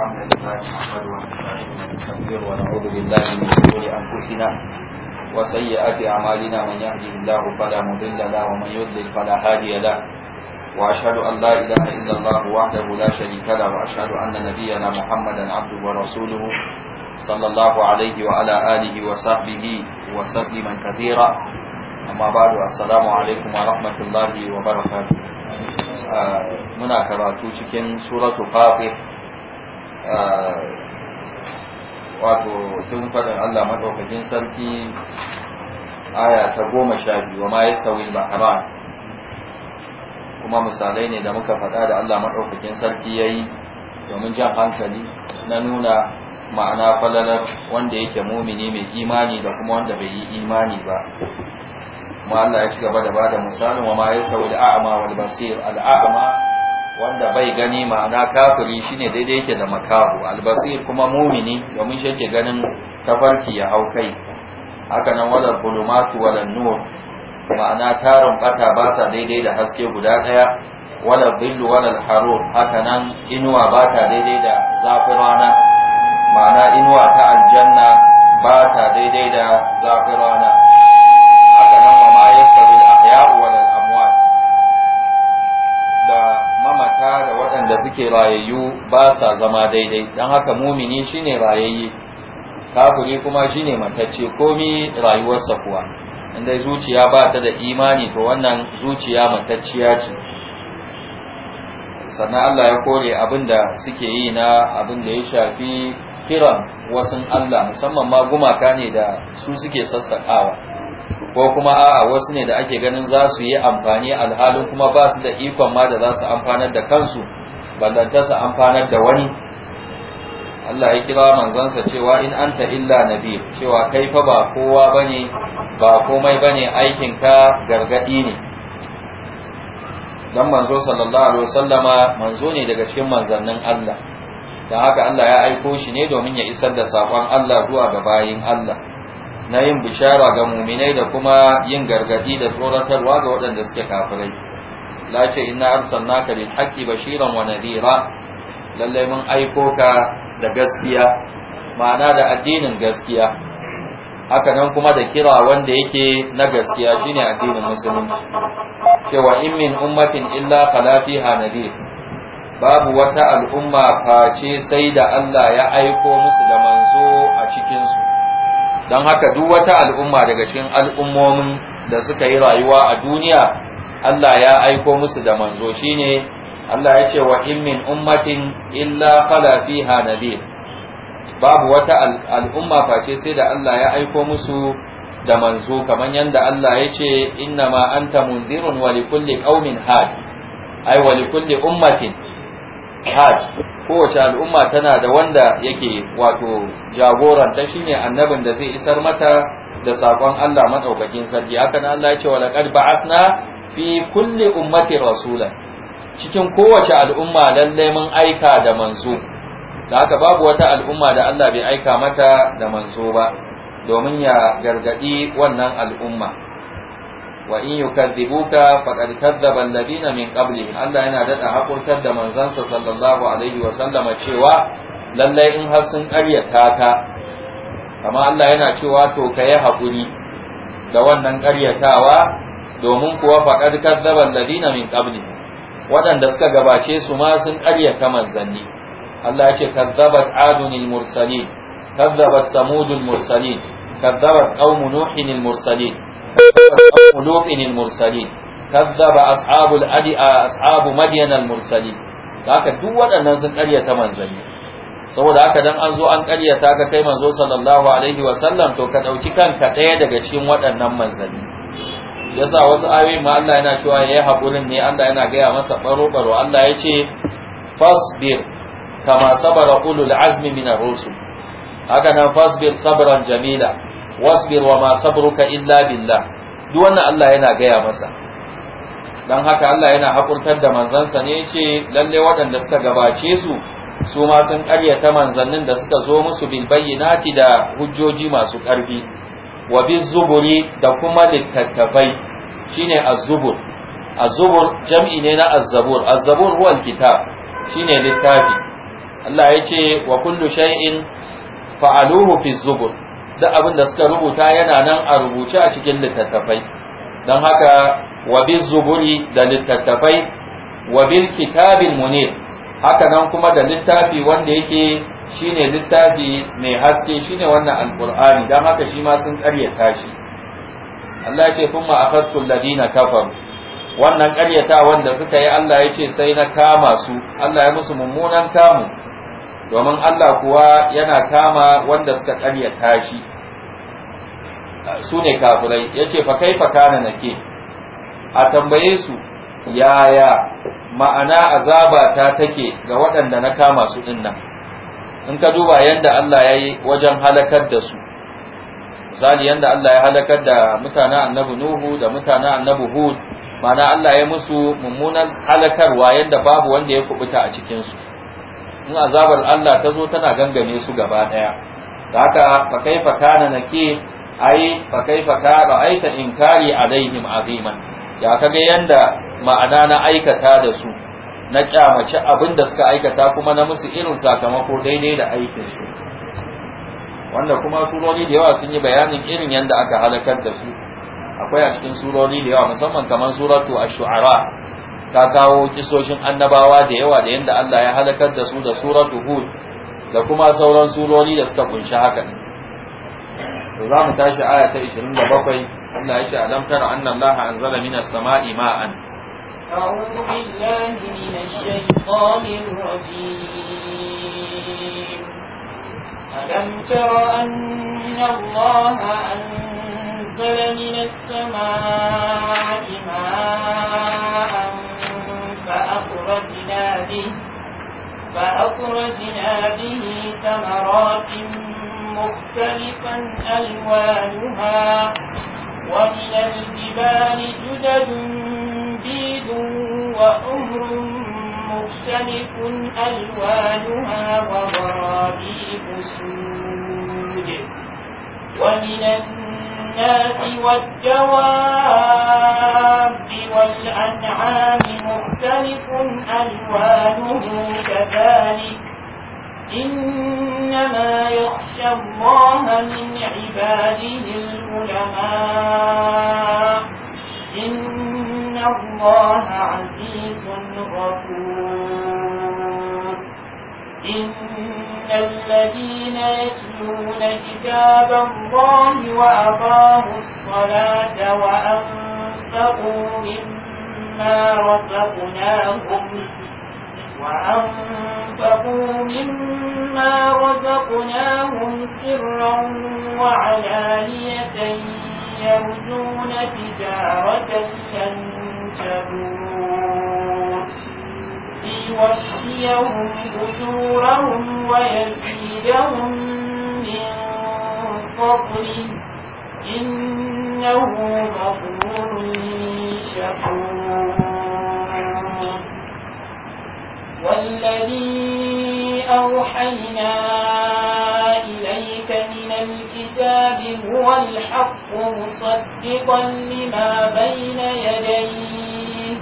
الحمد لله نحمده ونستعينه ونستغفره ونعوذ بالله من شرور انفسنا وسيئات اعمالنا من يهده الله فلا مضل له ومن يضلل فلا هادي له واشهد ان لا اله الا الله وحده لا شريك له واشهد ان نبينا محمدا عبده ورسوله صلى الله عليه وعلى اله وصحبه وسلم كثيرا اما بعد السلام عليكم ورحمه الله وبركاته muna karatu cikin suratul fatir wato tun faɗin Allah maɗaukakin sarki aya ta goma sha biyu ma ya sauyi bahara kuma misalai ne da muka faɗa da Allah maɗaukakin sarki ya yi domin jan hankali na nuna ma'ana falalar wanda yake mumini mai imani da kuma wanda bai yi imani ba ma Allah ya ci gaba da bada misalin wa ma ya sauyi a'ama wal basir al'a'ama wanda bai gani ma'ana kafiri shine daidai yake da makahu albasir kuma mumini domin shi yake ganin tafarki ya hau kai haka nan wadda bulumatu wadda nur ma'ana tarin bata ba sa daidai da haske guda daya wadda billu wadda harur haka nan inuwa ba ta daidai da zafin rana ma'ana inuwa ta aljanna ba ta daidai da zafin rana haka nan ma ma waɗanda suke rayayyu ba sa zama daidai don haka mumini shine rayayye kafiri kuma shine mantacce komi rayuwarsa kuwa inda zuciya ba ta da imani to wannan zuciya mantacciya ce sannan Allah ya kore abin da suke yi na abin da ya shafi kiran wasu Allah musamman ma gumaka ne da su suke sassaƙawa ko kuma a'a wasu ne da ake ganin za su yi amfani alhalin kuma ba su da ikon ma da za su amfanar da kansu ballanta an amfanar da wani Allah ya kira manzansa cewa in anta illa nabi cewa kai fa ba kowa bane ba komai bane aikin ka gargadi ne dan manzo sallallahu alaihi wasallama manzo ne daga cikin manzannin Allah dan haka Allah ya aiko shi ne domin ya isar da sakon Allah zuwa ga bayin Allah na yin bishara ga muminai da kuma yin gargaɗi da tsoratarwa ga waɗanda suke kafirai la ce inna arsalnaka bil haqqi bashiran wa nadira lalle mun aiko ka da gaskiya ma'ana da addinin gaskiya haka nan kuma da kira wanda yake na gaskiya shine addinin musulunci cewa in min ummatin illa khala fiha nadir babu wata al'umma face sai da Allah ya aiko musu da manzo a cikin su don haka duk wata al'umma daga cikin al'ummomin da suka yi rayuwa a duniya Allah ya aiko musu da manzo shine Allah ya ce wa in min ummatin illa fala fiha nadir babu wata al'umma face sai da Allah ya aiko musu da manzo kaman yanda Allah ya ce innama anta mundirun wa likulli qaumin had ai wa likulli ummatin had kowace al'umma tana da wanda yake wato jagoran ta shine annabin da zai isar mata da sakon Allah madaukakin sarki haka nan Allah ya ce wa laqad ba'athna fi kulli ummati rasula cikin kowace al'umma lalle mun aika da manzo da haka babu wata al'umma da Allah bai aika mata da manzo ba domin ya gargadi wannan al'umma wa in yukadzibuka faqad kadzdzaba alladhina min qablihim Allah yana dada hakurtar da manzansa sallallahu alaihi wa sallama cewa lalle in har sun ƙaryata ka amma Allah yana cewa to kai hakuri da wannan ƙaryatawa domin kuwa faƙar kazzaban ladina min qabli waɗanda suka gabace su ma sun ƙaryata manzani. Allah ya ce kazzabat adun mursalin kazzabat samudul mursalin kazzabat qaumu nuhin mursalin kazzabat qaumu lutin mursalin kazzaba ashabul adi ashabu madyan mursalin duk waɗannan sun ƙaryata manzani. saboda haka dan an zo an ƙaryata ka kai manzo sallallahu alaihi wa sallam to ka ɗauki kanka ɗaya daga cikin waɗannan manzani. Ya yasa wasu ayoyi ma Allah yana cewa yayi hakurin ne Allah yana gaya masa baro baro Allah ya ce fasbir kama sabara ulul azmi min ar-rusul haka nan fasbir sabran jamila wasbir wa ma sabruka illa billah duk wannan Allah yana gaya masa dan haka Allah yana hakurtar da manzansa ne ce lalle waɗanda suka gabace su su ma sun ƙaryata manzannin da suka zo musu bil bayyinati da hujjoji masu ƙarfi wa zuburi da kuma littattafai shine az-zubur az-zubur jam'i ne na az-zabur az-zabur huwa al-kitab shine littafi Allah ya ce wa kullu shay'in fa'aluhu fi zubur Da abin da suka rubuta yana nan a rubuce a cikin littattafai don haka wa zuburi da littattafai wa bil kitabil munir haka nan kuma da littafi wanda yake shine littafi mai haske shine wannan alqur'ani dan haka shi ma sun karyata shi Allah ya ce kuma akhadtu alladina kafaru wannan karyata wanda suka yi Allah ya ce sai na kama su Allah ya musu mummunan kamu domin Allah kuwa yana kama wanda suka karyata shi su ne kafirai ya ce fa kaifa kana nake a tambaye su yaya ma'ana azaba ta take ga waɗanda na kama su dinnan. in ka duba yanda Allah ya yi wajen halakar da su misali yanda Allah ya halakar da mutane annabi Nuhu da mutane annabi Hud mana Allah ya musu mummunan halakarwa yanda babu wanda ya kubuta a cikin su in azabar Allah ta zo tana gangame su gaba daya da haka fa kaifa kana nake ai fa kaifa ka ra'aita inkari alaihim aziman ya kaga yanda ma'ana na aikata da su na kyamaci abin da suka aikata kuma na musu irin sakamako daidai da aikin su wanda kuma suroni da yawa sun yi bayanin irin yadda aka halakar da su akwai a cikin suroni da yawa musamman kamar suratu a shuara ta kawo kisoshin annabawa da yawa da yadda Allah ya halakar da su da suratu hud da kuma sauran suroni da suka kunshi haka to za mu tashi aya ta 27 Allah ya ce alam tara annallaha anzala minas sama'i ma'an أعوذ بالله من الشيطان الرجيم ألم تر أن الله أنزل من السماء ماء فأخرجنا به فأخرجنا به ثمرات مختلفا ألوانها ومن الجبال جدد وحمر مختلف ألوانها وغرابيب سود ومن الناس والجواب والأنعام مختلف ألوانه كذلك إنما يخشى الله من عباده العلماء الله عزيز غفور إن الذين يتلون كتاب الله وأقاموا الصلاة وأنفقوا مما رزقناهم وأنفقوا مما رزقناهم سرا وعلانية يرجون تجارة لن يهتدون ليوفيهم أجورهم ويزيدهم من فضله إنه غفور شكور والذي أوحينا الكتاب هو الحق مصدقا لما بين يديه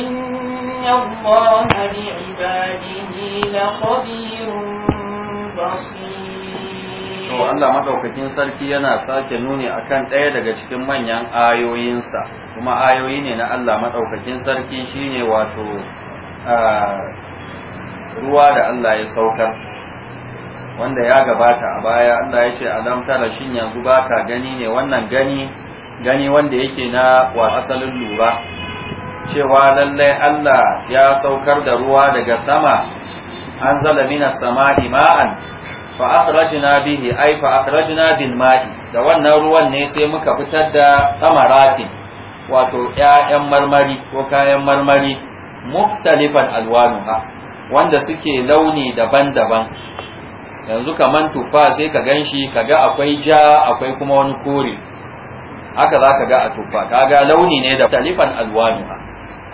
إن الله بعباده لخبير بصير to Allah madaukakin sarki yana sake nuni akan ɗaya daga cikin manyan ayoyinsa kuma ayoyi ne na Allah madaukakin sarki shine wato ah, ruwa da Allah ya saukar wanda ya gabata a baya Allah ya ce alam tara shin yanzu baka gani ne wannan gani gani wanda yake na wa asalin lura cewa lallai Allah ya saukar da ruwa daga sama an zala mina sama ima'an fa akhrajna bihi ai fa akhrajna bil ma'i da wannan ruwan ne sai muka fitar da samaratin wato 'ya'yan marmari ko kayan marmari muktalifan alwanuha wanda suke launi daban-daban yanzu kaman tufa sai ka ganshi ga akwai ja akwai kuma wani kore haka za ka ga a tufa ga launi ne da talifan alwani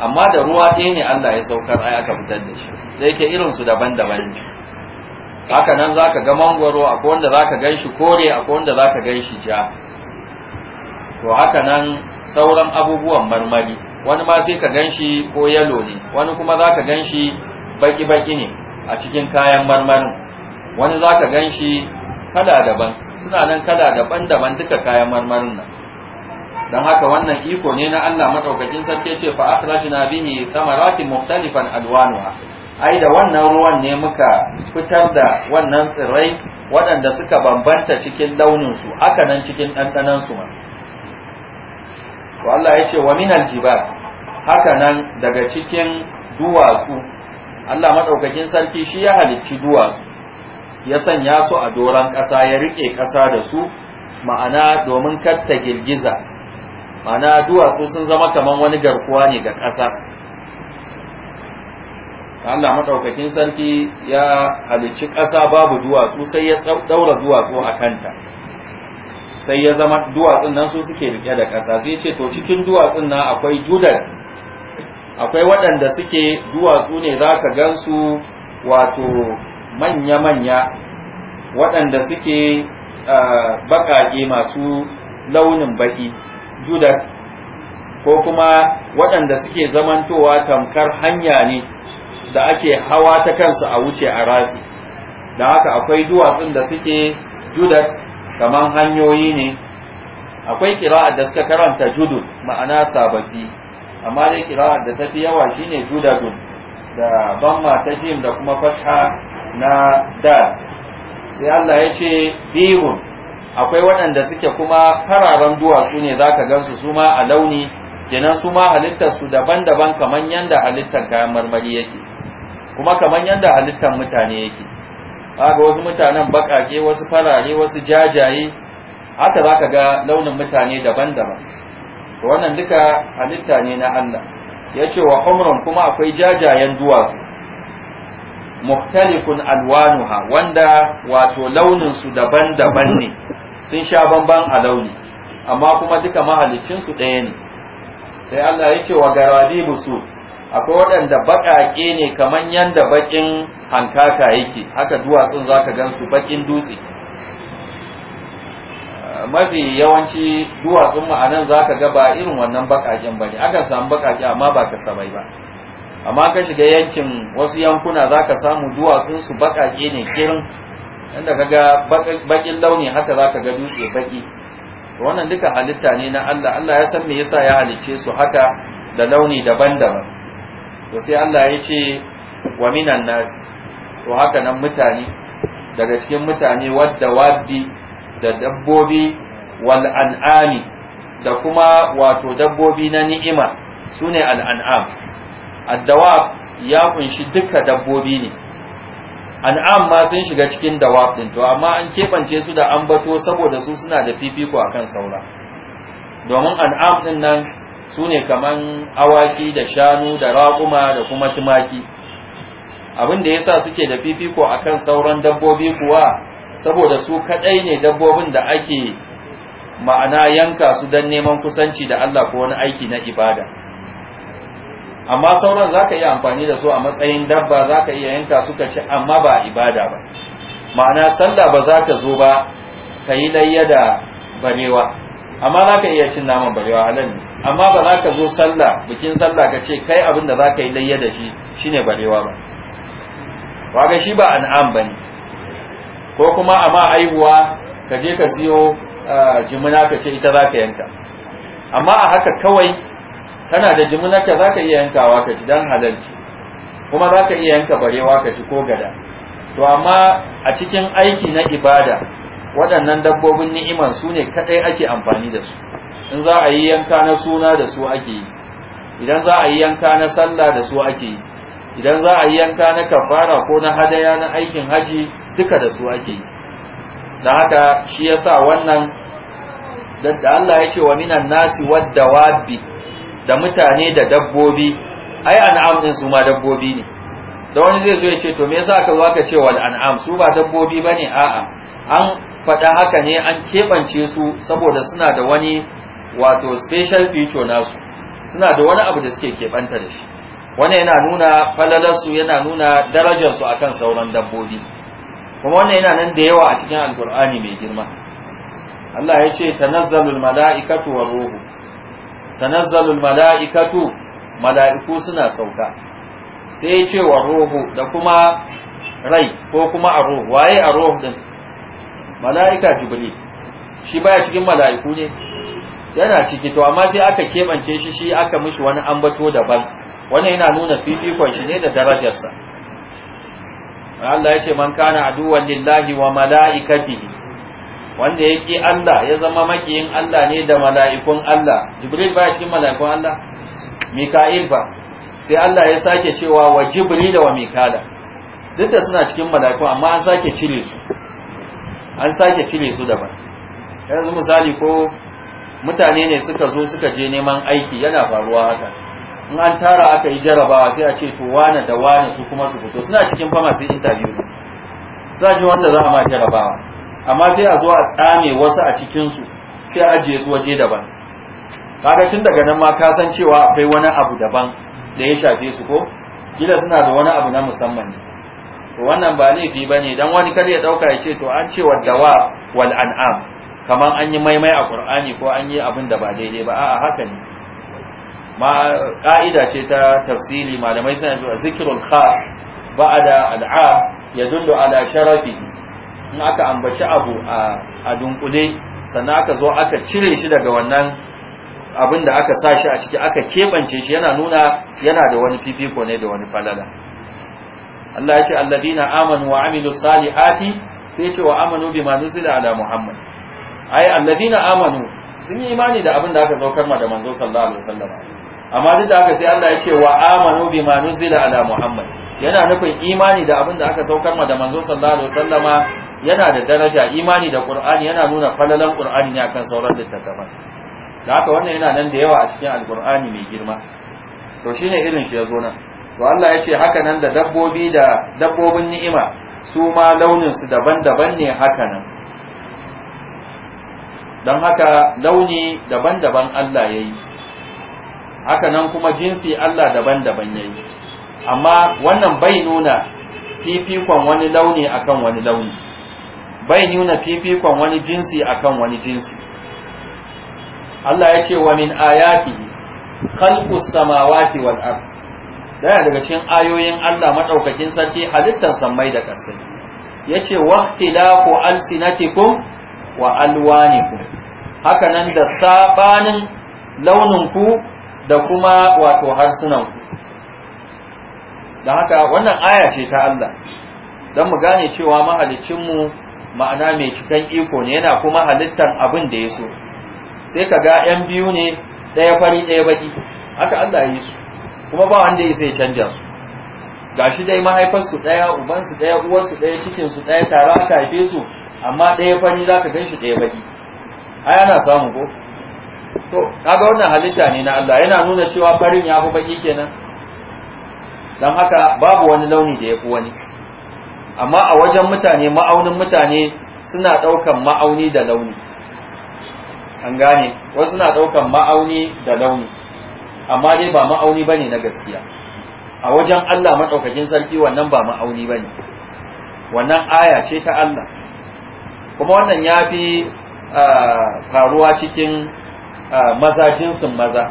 amma da ruwa ɗaya ne Allah ya saukar ai aka fitar da shi sai ke irin su daban-daban ne haka nan za ka ga mangwaro akwai wanda za ka ganshi kore akwai wanda za ka ganshi ja to haka nan sauran abubuwan marmari wani ma sai ka ganshi ko yalo ne wani kuma za ka ganshi baki-baki ne a cikin kayan marmarin wani za ka gan shi kala daban suna nan kala daban-daban duka kayan marmarin nan don haka wannan iko ne na Allah madaukakin sarki ce fa akhrajna bihi thamaratin mukhtalifan alwanuha ai da wannan ruwan ne muka fitar da wannan tsirrai waɗanda suka bambanta cikin launin su aka nan cikin ɗanɗanan su ma to Allah ya ce wa minal jibal haka nan daga cikin duwatsu Allah madaukakin sarki shi ya halicci duwatsu ya sanya su a doron ƙasa ya riƙe ƙasa da su ma'ana domin katta girgiza ma'ana duwatsu sun zama kamar wani garkuwa ne ga ƙasa Allah maɗaukakin sarki ya halicci ƙasa babu duwatsu sai ya ɗaura duwatsu a kanta sai ya zama duwatsun nan su suke riƙe da ƙasa sai ce to cikin duwatsun na akwai judar akwai waɗanda suke duwatsu ne za ka gansu wato manya-manya waɗanda suke uh, baƙaƙe masu launin baƙi judar ko kuma waɗanda suke zamantowa tamkar hanya ne da ake hawa ta kansu a wuce a razi da haka akwai duwatsun da suke judar kamar hanyoyi ne akwai kira'ar da suka karanta judu ma'ana sababi. amma dai kira'ar da ta fi yawa shine judadun da ban ta jim da kuma fatha na da sai Allah ya ce bihun akwai waɗanda suke kuma fararen duwatsu ne za ka gansu su ma a launi kenan su ma halittarsu daban-daban kamar yadda halittar kayan marmari yake kuma kamar yadda halittar mutane yake ga wasu mutanen baƙaƙe wasu farare wasu jajaye haka za ka ga launin mutane daban-daban wannan duka halitta ne na Allah ya ce wa umrun kuma akwai jajayen duwatsu muhtalikun alwanuha wanda wato launin su daban-daban ne sun sha bamban a launi amma kuma duka mahalicinsu ɗaya ne sai Allah ya ce, wa garabi busu akwai waɗanda baƙaƙe ne kamar yadda baƙin hankaka yake haka duwatsun zaka gansu baƙin dutse mafi yawanci duwatsun ma'anan zaka ga ba irin wannan baƙaƙen bane akan samu baƙaƙe amma ba ka kasabai ba amma ka shiga yankin wasu yankuna za ka samu duwatsun su baƙaƙe ne kirin inda ka ga baƙin launi haka za ka ga dutse baƙi wannan duka halitta ne na Allah Allah ya san me yasa ya halicce su haka da launi daban-daban to sai Allah ya ce wa minan nas to haka nan mutane daga cikin mutane wadda wadi da dabbobi wal an'ami da kuma wato dabbobi na ni'ima sune al an'am addawab ya kunshi duka dabbobi ne an'am ma sun shiga cikin dawab din to amma an kebance su da an bato saboda su suna da fifiko akan saura domin an'am din nan su ne kaman awaki da shanu da raƙuma da kuma tumaki abin da yasa suke da fifiko akan sauran dabbobi kuwa saboda su kadai ne dabbobin da ake ma'ana yanka su don neman kusanci da Allah ko wani aiki na ibada amma sauran zaka iya amfani da su a matsayin dabba zaka iya yanka suka ci amma ba ibada ba ma'ana sallah ba za ka zo ba ka yi layya da barewa amma za ka iya cin naman barewa a ne amma ba za ka zo sallah bikin sallah ka ce kai abin da za ka yi layya da shi shine barewa ba waga shi ba an'am ne ko kuma amma aihuwa ka je ka siyo ah, jimina ka ce ita za ka yanka amma a haka kawai kana da jimunarka za ka iya yankawa ka ci don halalci kuma za ka iya yanka barewa ka ci ko gada to amma a cikin aiki na ibada waɗannan dabbobin ni'iman su ne kaɗai ake amfani da su in za a yi yanka na suna da su ake yi idan za a yi yanka na sallah da su ake yi idan za a yi yanka na kafara ko na hadaya na aikin haji duka da su ake yi da haka shi yasa wannan da Allah ya ce wa minan nasi wadda wabi da mutane da dabbobi ai an'am din su ma dabbobi ne da wani zai zo ya ce to me yasa aka zo aka ce wal an'am su ba dabbobi bane a'a an faɗa haka ne an keɓance su saboda suna da wani wato special feature nasu suna da wani abu da suke keɓanta da shi wannan yana nuna falalarsu yana nuna darajarsu akan sauran dabbobi kuma wannan yana nan da yawa a cikin alkur'ani mai girma Allah ya ce tanazzalul mala'ikatu war ruhu tanazzalul mala'ikatu mala'iku suna sauka sai ya ce wa ruhu da kuma rai ko kuma a ruhu waye a ruhu din mala'ika jibril shi baya cikin mala'iku ne yana ciki to amma sai aka kebance shi shi aka mishi wani ambato daban wani yana nuna fifikon shi ne da darajarsa Allah ya ce man kana aduwan lillahi wa mala'ikatihi wanda ya Allah ya zama makiyin Allah ne da mala'ikun Allah Jibril ba cikin mala'ikun Allah Mika'il ba sai Allah ya sake cewa wa Jibril da wa Mika'ila duk da suna cikin mala'ikun amma an sake cire su an sake cire su daban yanzu misali ko mutane ne suka zo suka je neman aiki yana faruwa haka in an tara aka yi jarabawa sai a ce to wane da wane su kuma su fito suna cikin fama sai interview ne suna wanda za a ma jarabawa amma sai a zo a tsame wasu a cikinsu sai a ajiye su waje daban kaga tun daga nan ma ka san cewa akwai wani abu daban da ya shafe su ko gida suna da wani abu na musamman ne to wannan ba laifi ba ne don wani kar ya ɗauka ya ce to an ce dawa wal an'am kamar an yi maimai a ƙur'ani ko an yi abin da ba daidai ba a'a haka ne ma ƙa'ida ce ta tafsiri malamai suna a zikirul khas ba'ada al'am yadullu ala sharafi in aka ambaci abu a dunkule sannan aka zo aka cire shi daga wannan abin da aka sa shi a ciki aka keɓance shi yana nuna yana da wani fifiko ne da wani falala Allah ya ce alladina amanu wa amilu salihati sai ce wa amanu bima nuzila ala muhammad ai alladina amanu sun yi imani da abin da aka saukar ma da manzo sallallahu alaihi wasallam amma duk da haka sai Allah ya ce wa amanu bima nuzila ala muhammad yana nufin imani da abin da aka saukar ma da manzo sallallahu alaihi wasallama yana da daraja imani da qur'ani yana nuna falalan qur'ani ne akan sauran littattafan da haka wannan yana nan da yawa a cikin alqur'ani mai girma to shine irin shi yazo nan to Allah ya ce haka nan da dabbobi da dabbobin ni'ima su ma launin su daban-daban ne haka nan don haka launi daban-daban Allah yayi haka nan kuma jinsi Allah daban-daban yayi amma wannan bai nuna fifikon wani launi akan wani launi bai nuna fifikon wani jinsi akan wani jinsi Allah ya ce wa min ayati khalqus samawati wal ard daya daga cikin ayoyin Allah madaukakin sarki halittar sammai da kasa yace waqtilafu alsinatikum wa alwanikum haka nan da sabanin ku da kuma wato harsunan da haka wannan aya ce ta Allah don mu gane cewa mahalicinmu ma'ana mai cikan iko ne yana kuma halittar abin da ya so sai ka ga 'yan biyu ne ɗaya fari ɗaya baki haka Allah ya yi su kuma ba wanda ya sai canja su gashi dai mahaifarsu ɗaya ubansu ɗaya uwarsu ɗaya cikinsu ɗaya tara aka haife su amma ɗaya fari za ka gan shi ɗaya baki ai samu ko to kaga wannan halitta ne na Allah yana nuna cewa farin ya fi baki kenan don haka babu wani launi da ya fi wani amma a wajen mutane ma'aunin mutane suna ɗaukan ma'auni da launi an gane wasu suna ɗaukan ma'auni da launi amma dai ba ma'auni ba ne na gaskiya a wajen Allah maɗaukakin sarki wannan ba ma'auni ba ne wannan aya ce ta Allah kuma wannan ya fi ah, faruwa cikin maza jinsin maza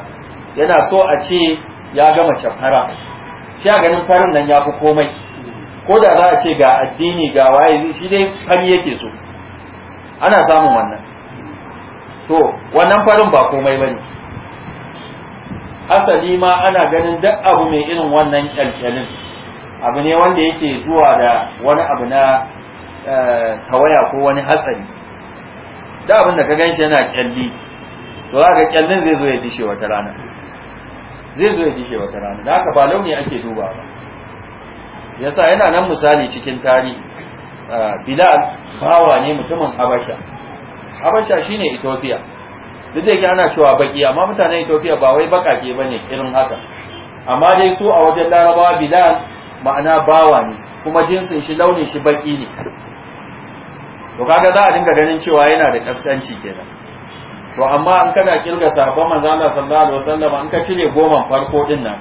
yana so a ce ya gama cafara shi a ganin farin nan ya fi komai ko da za a ce ga addini ga waye shi dai fari yake so ana samun wannan to wannan farin ba komai ba ne. asali ma ana ganin duk abu mai irin wannan kyalkyalin abu ne wanda yake zuwa da wani abu na eh, tawaya ko wani hatsari da abin da ka gan shi yana kyalli to za ga kyallin zai zo ya dishe wata rana zai zo ya dishe wata rana da haka ba launi ake duba ba yasa yana nan misali cikin tarihi bilal bawa ne mutumin habasha shi ne ethiopia duk da yake ana cewa baki amma mutanen ethiopia ba wai ba ne irin haka amma dai su a wajen larabawa bilal ma'ana bawa ne kuma jinsin shi launin shi baki ne to kaga za a dinga ganin cewa yana da kaskanci kenan to amma in kana kirga sahabban manzo Allah sallallahu alaihi wasallam in ka cire goma farko din nan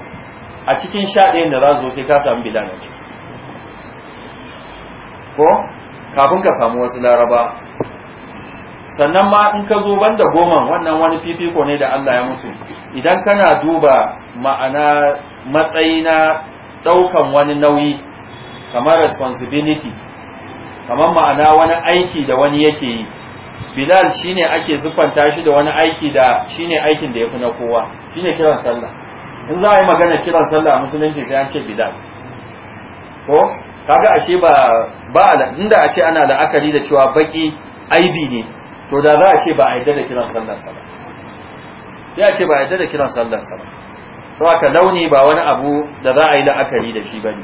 a cikin sha da za su sai ka samu bilal ko kafin ka samu wasu laraba sannan ma in ka zo banda goma wannan wani fifiko ne da Allah ya musu idan kana duba ma'ana matsayi na ɗaukan wani nauyi kamar responsibility kamar ma'ana wani aiki da wani yake yi bilal shine ake siffanta shi da wani aiki da shine aikin da yafi na kowa shine kiran sallah in za a yi magana kiran sallah a musulunci sai an ce bilal ko kaga ashe ba ba inda a ce ana la'akari da cewa baki aibi ne to da za a ce ba a yadda da kiran sallah sa ba ya ce ba a yadda da kiran sallah sa ba aka launi ba wani abu da za a yi la'akari da shi bane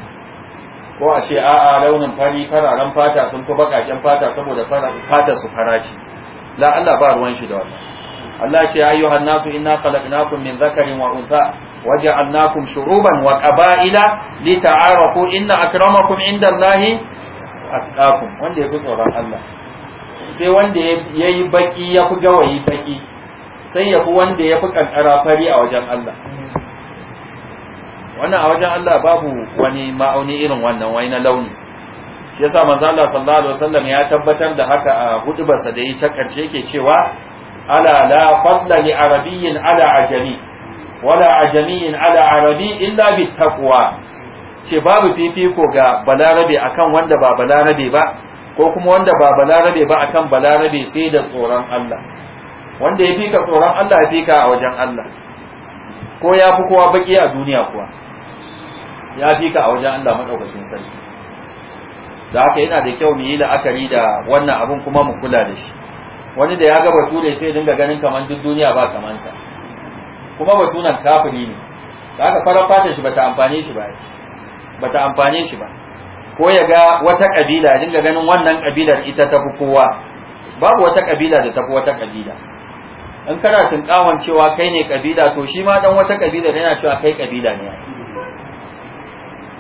ko a ce a'a launin fari fararen fata sun fi bakaken fata saboda fata su fara ce la Allah ba ruwan shi da wannan Allah ce ya ayyuhan nasu inna khalaqnakum min zakarin wa untha waja'alnakum shuruban wa qaba'ila lita'arafu inna akramakum indallahi atqakum wanda yafi tsoron Allah sai wanda yayi baki ya fi gawayi baki sai ya fi wanda ya fi kankara fari a wajen Allah wannan a wajen Allah babu wani ma'auni irin wannan wai na launi yasa manzo Allah sallallahu alaihi wasallam ya tabbatar da haka a hudubarsa da yi cakance yake cewa ala la fadla li arabiyyin ala ajami wala ajamiyyin ala arabi illa bi taqwa ce babu fifiko ga balarabe akan wanda ba balarabe ba ko kuma wanda ba balarabe ba akan balarabe sai da tsoron Allah wanda ya fika tsoron Allah ya fika a wajen Allah ko ya fi kowa baki a duniya kuwa ya fika a wajen Allah madaukakin sarki da haka yana da kyau mu yi la'akari da wannan abin kuma mu kula da shi wani da ya ga bature sai dinga ganin kamar duk duniya ba kamar sa kuma batunan kafiri ne da haka farar fatan shi bata amfane shi ba bata amfane shi ba ko ya ga wata kabila dinga ganin wannan kabilar ita ta fi kowa babu wata kabila da ta wata kabila in kana tunkawan cewa kai ne kabila to shi ma dan wata kabila yana cewa kai kabila ne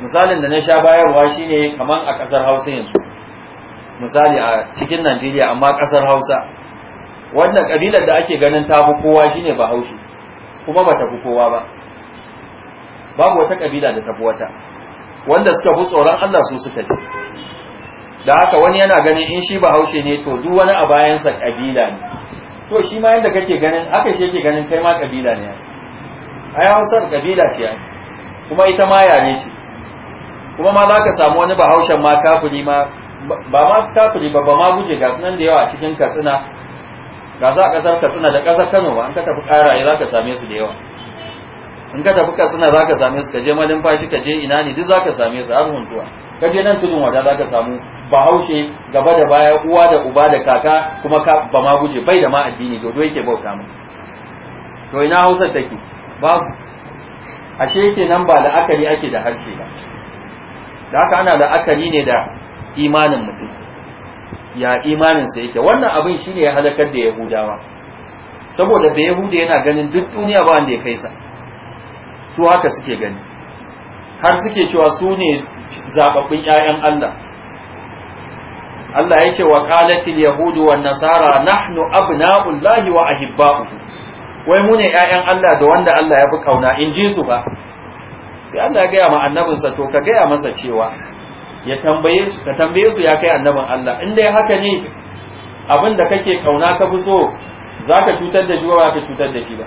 misalin da na sha bayarwa shine kaman a kasar Hausa yanzu misali a cikin Najeriya amma kasar Hausa wannan kabilar da ake ganin ta fi kowa shine Bahaushe kuma ba ta fi kowa ba babu wata kabila da ta fi wata wanda suka fi tsoron Allah su suka ji da haka wani yana ganin in shi Bahaushe ne to duk wani a bayansa kabila ne to shi ma yanda kake ganin haka shi yake ganin kai ma kabila ne ai Hausar kabila ce kuma ita ma yare ce kuma ma za ka samu wani bahaushen ma kafiri ma ba ma kafiri ba ba ma guje ga sunan da yawa a cikin katsina ga za a kasar katsina da kasar kano ba An ka tafi karaye za ka same su da yawa in ka tafi katsina za ka same su ka je malumfashi ka je ina ne duk za ka same su har huntuwa ka je nan tudun wada za ka samu bahaushe gaba da baya uwa da uba da kaka kuma ka ba ma guje bai da ma addini dodo yake bauta mu to ina hausar take babu ashe yake nan ba la'akari ake da harshe ba da haka ana la'akari ne da imanin mutum ya imaninsa yake wannan abin shine ya halakar da yahudawa saboda da yahuda yana ganin duk duniya ba wanda ya kai sa su haka suke gani har suke cewa su ne zababbin 'ya'yan Allah Allah ya ce wa qalatil yahudu wan nasara nahnu abna'ullahi wa ahibba'u wai mu ne 'ya'yan Allah da wanda Allah ya fi kauna in ji su ba sai Allah ya gaya ma annabinsa to ka gaya masa cewa ya tambaye su ka tambaye su ya kai annabin Allah in dai haka ne abin da kake kauna ka fi so za ka cutar da shi ba ka cutar da shi ba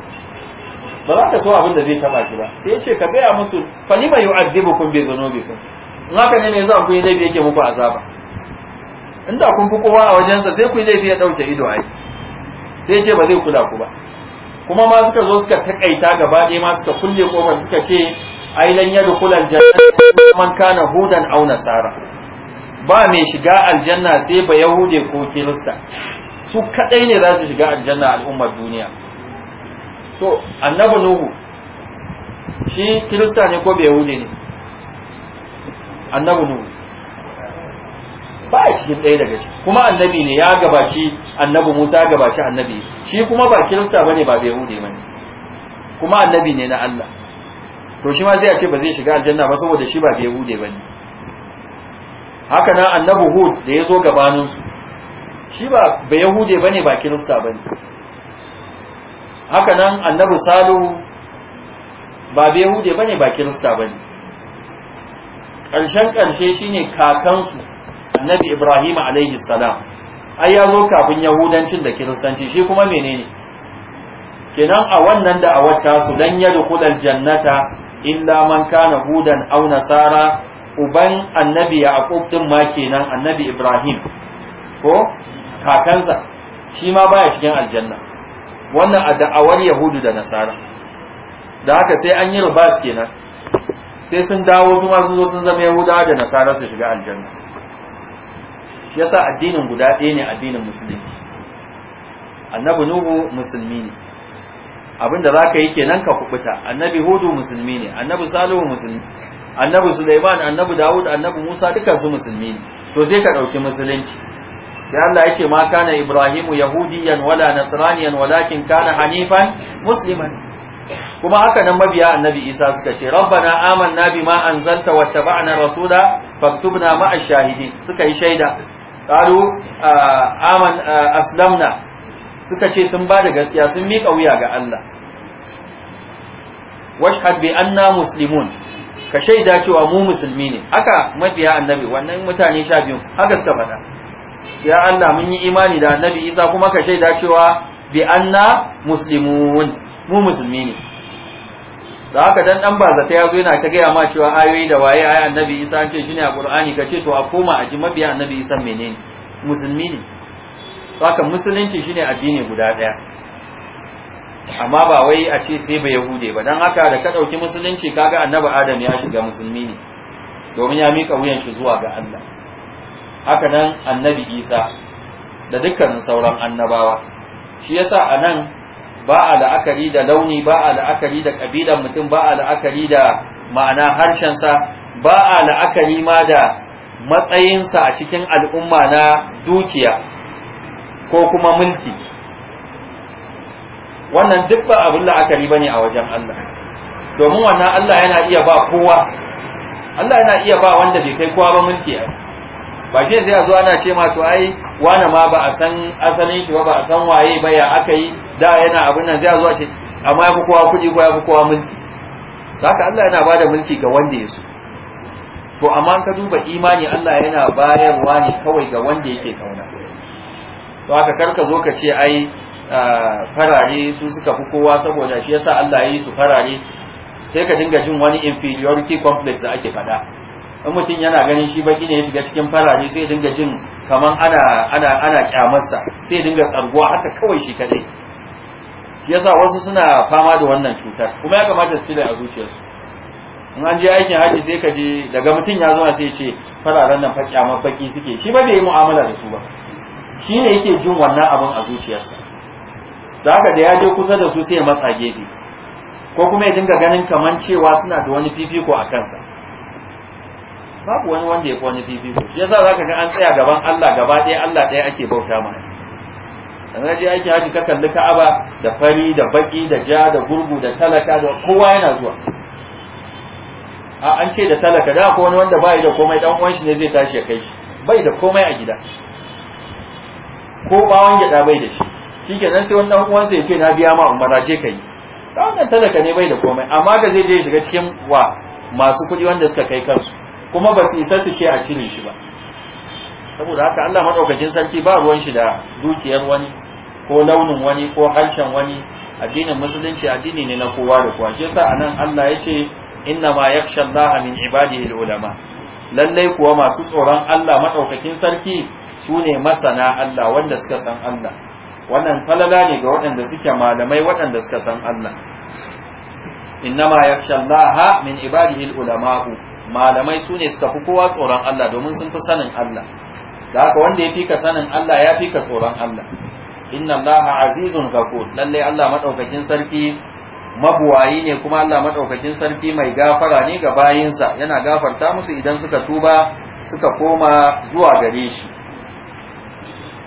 ba za ka so abin da zai taba shi ba sai ya ce ka gaya musu fa bai zano bi dhunubikum in haka ne me yasa ku yi laifi yake muku azaba inda kun fi kowa a wajensa sai ku yi laifi ya dauke ido ai sai ya ce ba zai kula ku ba kuma ma suka zo suka takaita gaba ɗaya ma suka kulle ƙofar suka ce ai lan yadkhul aljanna man kana hudan aw nasara ba mai shiga aljanna sai ba yahude ko kirista su kadai ne za su shiga aljanna al'ummar duniya to annabi nuhu shi kirista ne ko bai yahude ne annabi nuhu ba a cikin ɗaya daga ciki kuma annabi ne ya gabaci annabi musa ya gabaci annabi shi kuma ba kirista bane ba bai yahude bane kuma annabi ne na Allah to shi ma sai a ce ba zai shiga aljanna ba saboda shi ba bai hude ba ne haka nan annabi hud da ya zo gabaninsu shi ba bai yahude ba ne ba kirista bane. haka nan annabi salihu ba bai yahude ba ne ba kirista bane. karshen ƙarshen ƙarshe kakan kakansu annabi ibrahim alaihi salam ai ya zo kafin yahudancin da kiristanci shi kuma menene kenan a wannan da a wata su dan ya dukulal jannata illa man kana hudan aw nasara uban annabi yaqub din ma kenan annabi ibrahim ko kakansa shi ma baya cikin aljanna wannan a da'awar yahudu da nasara da haka sai an yi rubas kenan sai sun dawo su ma sun zo sun zama yahudawa da nasara su shiga aljanna yasa addinin guda ɗaya ne addinin musulunci annabi nuhu musulmi ne abinda ka yi kenan ka kubuta annabi hudu musulmi ne annabi salihu musulmi annabi sulaiman annabi dawud annabi musa dukkan su musulmi ne to sai ka dauki musulunci sai Allah ya ce ma kana ibrahimu yahudiyan wala nasraniyan walakin kana hanifan musliman kuma haka nan mabiya annabi isa suka ce rabbana amanna bima anzalta wattaba'na rasula faktubna ma'ash shahidin suka yi shaida qalu aman aslamna suka ce sun ba da gaskiya sun miƙa wuya ga Allah washhad bi anna muslimun ka shaida cewa mu musulmi ne haka mabiya annabi wannan mutane sha biyu haka suka faɗa ya Allah mun yi imani da annabi Isa kuma ka shaida cewa bi anna muslimun mu musulmi ne da haka dan dan bazata zata yazo yana ta gaya ma cewa ayoyi da waye ayi annabi Isa an ce shine a Qur'ani ka ce to a koma a ji mabiya annabi Isa menene musulmi ne haka musulunci shine addini guda ɗaya amma ba wai a ce sai ba yahude ba don haka da ka ɗauki musulunci kaga annabi adam ya shiga musulmi ne domin ya miƙa wuyan shi zuwa ga Allah haka nan annabi isa da dukkanin sauran annabawa shi yasa a nan ba a la'akari da launi ba a la'akari da ƙabilan mutum ba a la'akari da ma'ana harshen sa, ba a la'akari ma da matsayinsa a cikin al'umma na dukiya ko kuma mulki wannan duk ba abin la'akari bane a wajen Allah domin wannan Allah yana iya ba kowa Allah yana iya ba wanda bai kai kowa ba mulki a ba shi sai a zo ana ce ma to ai wani ma ba a san asalin shi ba ba a san waye ba ya aka yi da yana abin nan sai a zo a ce amma ya fi kowa kuɗi ko ya fi kowa mulki haka Allah yana bada mulki ga wanda ya so to amma ka duba imani Allah yana bayarwa ne kawai ga wanda yake kawai. to aka karka zo ka ce ai farare su suka fi kowa saboda shi yasa Allah ya yi su farare sai ka dinga jin wani inferiority complex da ake faɗa in mutum yana ganin shi baki ne ya shiga cikin farare sai dinga jin kaman ana ana ana kyamarsa sai dinga tsarguwa haka kawai shi kadai yasa wasu suna fama da wannan cutar kuma ya kamata su da a zuciyarsu in an je aikin haji sai ka je daga mutum ya zama sai ce fararen nan fa kyamar baki suke shi ba bai yi mu'amala da su ba shi ne yake jin wannan abin a zuciyarsa da ka da ya je kusa da su sai ya matsa gefe ko kuma ya dinga ganin kaman cewa suna da wani fifiko a kansa babu wani wanda ya fi wani fifiko shi yasa ka ga an tsaya gaban Allah gaba ɗaya Allah ɗaya ake bauta mana Sannan je aiki haji ka kalli Ka'aba da fari da baki da ja da gurgu da talaka da kowa yana zuwa a an ce da talaka da ko wani wanda bai da komai dan uwan shi ne zai tashi ya kai shi bai da komai a gida ko bawon gyaɗa bai da shi shi kenan sai wannan uwansa ya ce na biya ma umara ce ka yi ta wannan talaka ne bai da komai amma da zai je shiga cikin wa masu kuɗi wanda suka kai kansu kuma ba su isa su ce a cire shi ba saboda haka Allah madaukakin sarki ba ruwan shi da dukiyar wani ko launin wani ko harshen wani addinin musulunci addini ne na kowa da kowa shi yasa anan Allah ya ce inna ma yakhsha Allah min ibadihi ulama lallai kuwa masu tsoron Allah madaukakin sarki su ne masana Allah wanda suka san Allah wannan falala ne ga waɗanda suke malamai waɗanda suka san Allah innama yakhshallaha min ibadihi ulama'u malamai su ne suka fi kowa tsoron Allah domin sun fi sanin Allah da haka wanda ya fika sanin Allah ya fika tsoron Allah inna Allah azizun ghafur lalle Allah madaukakin sarki mabuwayi ne kuma Allah madaukakin sarki mai gafara ne ga bayinsa yana gafarta musu idan suka tuba suka koma zuwa gare shi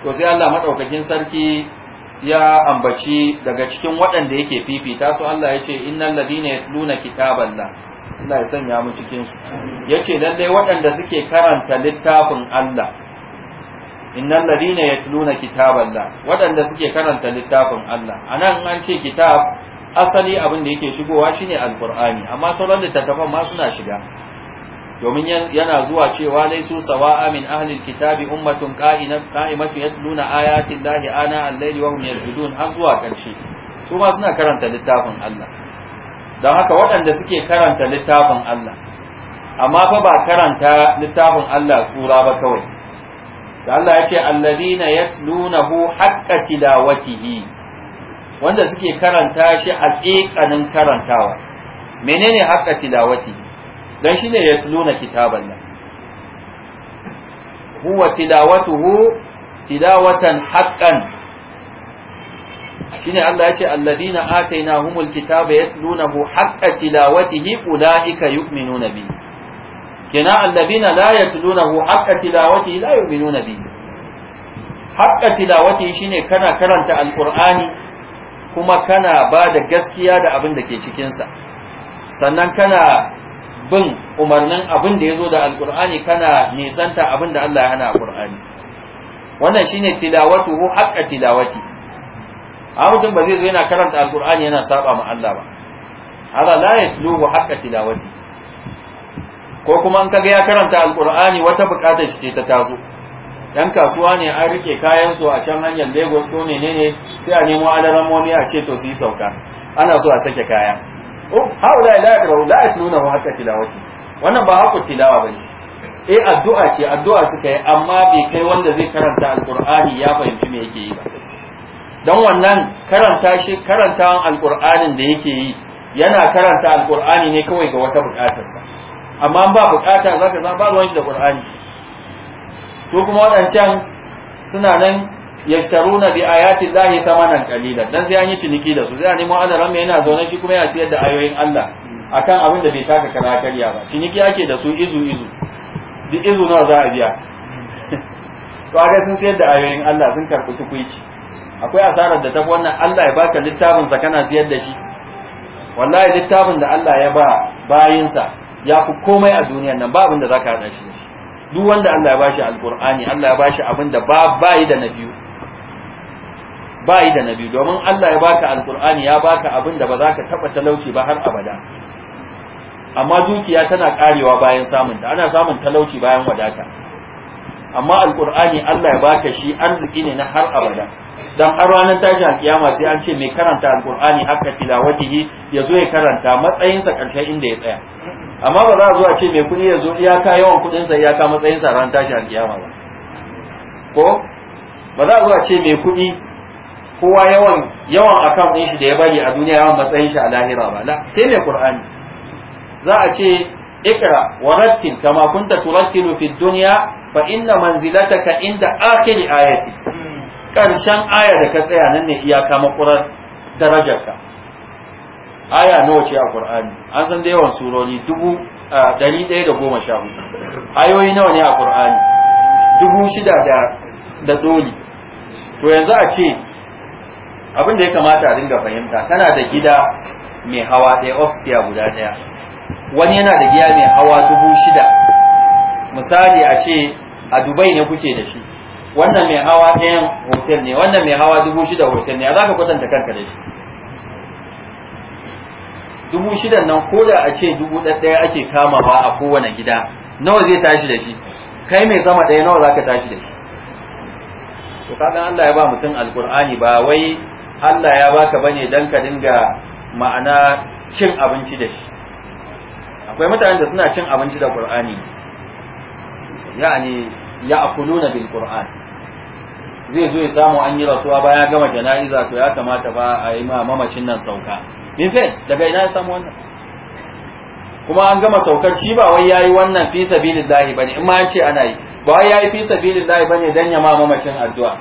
to sai Allah madaukakin sarki ya ambaci daga cikin waɗanda yake fifita su Allah ya ce innal ladina yatluna kitaballah Allah ya sanya mu cikin su yace lalle waɗanda suke karanta littafin Allah innal ladina yatluna kitaballah waɗanda suke karanta littafin Allah anan an ce kitab asali abin da yake shigowa shine alqur'ani amma sauran littattafan ma suna shiga domin yana zuwa cewa laisu sawa'a min ahlil kitabi ummatun qa'imatun yatluna ayatin lahi ana al-layli wa hum yasjudun har zuwa karshe su ma suna karanta littafin Allah don haka waɗanda suke karanta littafin Allah amma fa ba karanta littafin Allah tsura ba kawai da Allah ya ce alladhina yatlunahu haqqa tilawatihi wanda suke karanta shi a tsekanin karantawa menene haqqa tilawatihi dan shine yatluna kitaban nan huwa tilawatuhu tilawatan haqqan shine Allah ya ce alladina atainahumul kitaba yatlunahu haqqa tilawatihi ulaika yu'minuna bihi kina alladina la yatlunahu haqqa tilawatihi la yu'minuna bihi haqqa tilawatihi shine kana karanta alqur'ani kuma kana ba da gaskiya da abin da ke cikin sa sannan kana bin umarnin abin da ya zo da alkur'ani kana nisanta abin da Allah ya hana wannan shine tilawatu ko haƙƙa tilawati a mutum ba zai zo yana karanta alkur'ani yana saba ma Allah ba ala la yatluhu haƙƙa tilawati ko kuma in kaga ya karanta alkur'ani wata bukatar shi ce ta taso Ɗan kasuwa ne an rike kayansu a can hanyar Lagos ko menene sai a nemo alaramomi a ce to su yi sauka ana so a sake kaya haula nuna yaqra'u la wannan ba haƙƙo tilawa ne. eh addu'a ce addu'a suka yi amma bai kai wanda zai karanta alqur'ani ya fahimci me yake yi ba dan wannan karanta shi karantawan alqur'anin da yake yi yana karanta alqur'ani ne kawai ga wata buƙatarsa amma ba buƙata zaka zama ba wani da qur'ani su kuma waɗancan suna nan yashtaruna bi ayati llahi thamanan qalila dan sai an yi ciniki da su sai an nemo adaran mai yana zaune shi kuma ya siyar da ayoyin Allah akan abin da bai taka kana karya ba ciniki ake da su izu izu duk izu nawa za a biya to aga sun siyar da ayoyin Allah sun karɓi tukuici akwai asarar da ta wannan Allah ya baka littafin sa kana siyar da shi wallahi littafin da Allah ya ba bayinsa ya fi komai a duniyar nan ba abin da zaka hada shi duk wanda Allah ya bashi alqur'ani Allah ya bashi abin da ba bayi da na biyu ba yi da nabi, domin Allah ya baka alkur'ani ya baka abin da ba za ka taɓa talauci ba har abada amma dukiya tana karewa bayan samun ta ana samun talauci bayan wadata amma alkur'ani Allah ya baka shi arziki ne na har abada dan har ranar a kiyama sai an ce mai karanta alkur'ani haka tilawatihi ya zo ya karanta matsayinsa karshen inda ya tsaya amma ba za a zo a ce mai kuɗi ya zo iyaka yawan kuɗinsa iyaka matsayinsa ranar a kiyama ba ko ba za a zo ce mai kuɗi kowa yawan yawan akan ɗin shi da ya bari a duniya yawan matsayin shi a lahira ba la sai mai qur'ani za a ce ikra wa rattil kama kunta turattilu fi dunya fa inna manzilataka inda akhir ayati karshen aya da ka tsaya nan ne iyaka makurar darajarka aya nawa ce a qur'ani an san da yawan surori dubu dari ɗaya da goma sha hudu ayoyi nawa ne a qur'ani dubu shida da da to yanzu a ce abin da ya kamata a dinga fahimta tana da gida mai hawa ɗaya ofsiya guda ɗaya wani yana da gida mai hawa dubu shida misali a ce a dubai ne kuke da shi wannan mai hawa ɗayan hotel ne wannan mai hawa dubu shida hotel ne a za ka kwatanta kanka da shi dubu shidan nan ko da a ce dubu ɗaya ake kama ba a kowane gida nawa zai tashi da shi kai mai sama ɗaya nawa za ka tashi da shi to kaga Allah ya ba mutum alkur'ani ba wai Allah ya baka bane dan ka dinga ma'ana cin abinci da shi akwai mutanen da suna cin abinci da Qur'ani yani ya'kuluna bil Qur'an zai zo ya samu an yi rasuwa ba ya gama jana'iza so ya kamata ba a yi ma mamacin nan sauka min fa daga ina ya samu wannan kuma an gama saukar shi ba wai yayi wannan fi sabilillahi bane in ma an ce ana yi ba wai yayi fi sabilillahi bane dan ya ma mamacin addu'a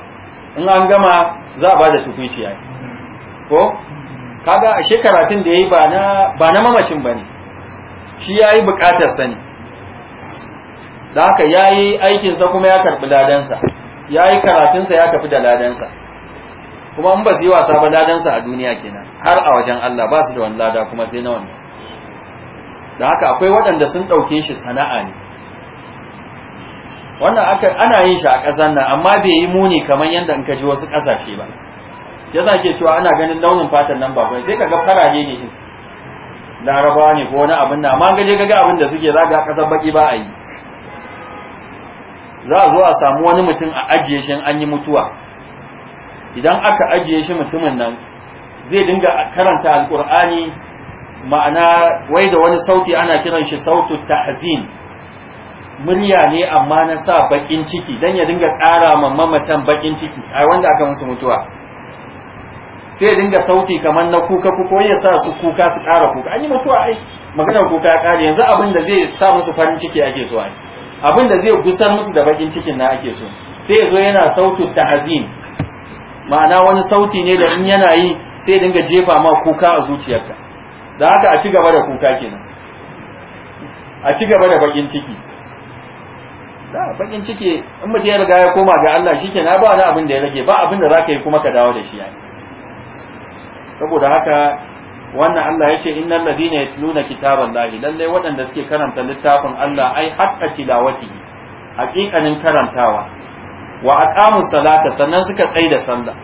in an gama za a da tukuici yayi ko kaga ashe karatun da yayi ba na ba na mamacin bane shi yayi bukatar sani da haka yayi aikin sa kuma ya karbi ladansa. sa yayi karatunsa ya tafi da ladansa. sa kuma in ba su yi wasa ba ladansa a duniya kenan har a wajen Allah ba su da wani lada kuma sai na wani da haka akwai waɗanda sun ɗauke shi sana'a ne wannan ana yin shi a ƙasar nan amma bai yi muni kamar yadda in ka ji wasu ƙasashe ba sa ke cewa ana ganin launin fatan nan bakwai sai kaga farare ne din Laraba ne ko wani abin da amma gaje kaga abin da suke zaga kasar baki ba a yi za a zo a samu wani mutum a ajiye shi an yi mutuwa idan aka ajiye shi mutumin nan zai dinga karanta alkur'ani ma'ana wai da wani sauti ana kiran shi sautu tahzin murya ne amma na sa bakin ciki dan ya dinga ƙara ma mamatan bakin ciki ai wanda aka musu mutuwa sai dinga sauti kamar na kuka ko ya sa su kuka su ƙara kuka an yi mutuwa ai maganar kuka ya kare yanzu abin da zai sa musu farin ciki ake so ai abin da zai gusar musu da bakin cikin na ake so sai ya zo yana sautu tahzin ma'ana wani sauti ne da in yana yi sai dinga jefa ma kuka a zuciyarka da haka a ci gaba da kuka kenan a ci gaba da bakin ciki da bakin ciki in mutum ya riga ya koma ga Allah shikenan ba wani abin da ya rage ba abin da zaka yi kuma ka dawo da shi yayi saboda haka wannan Allah ya ce innal ladina yatluna lahi, lallai waɗanda suke karanta littafin Allah ai hatta tilawatihi haƙiƙanin karantawa wa aqamu salata sannan suka tsaida sallah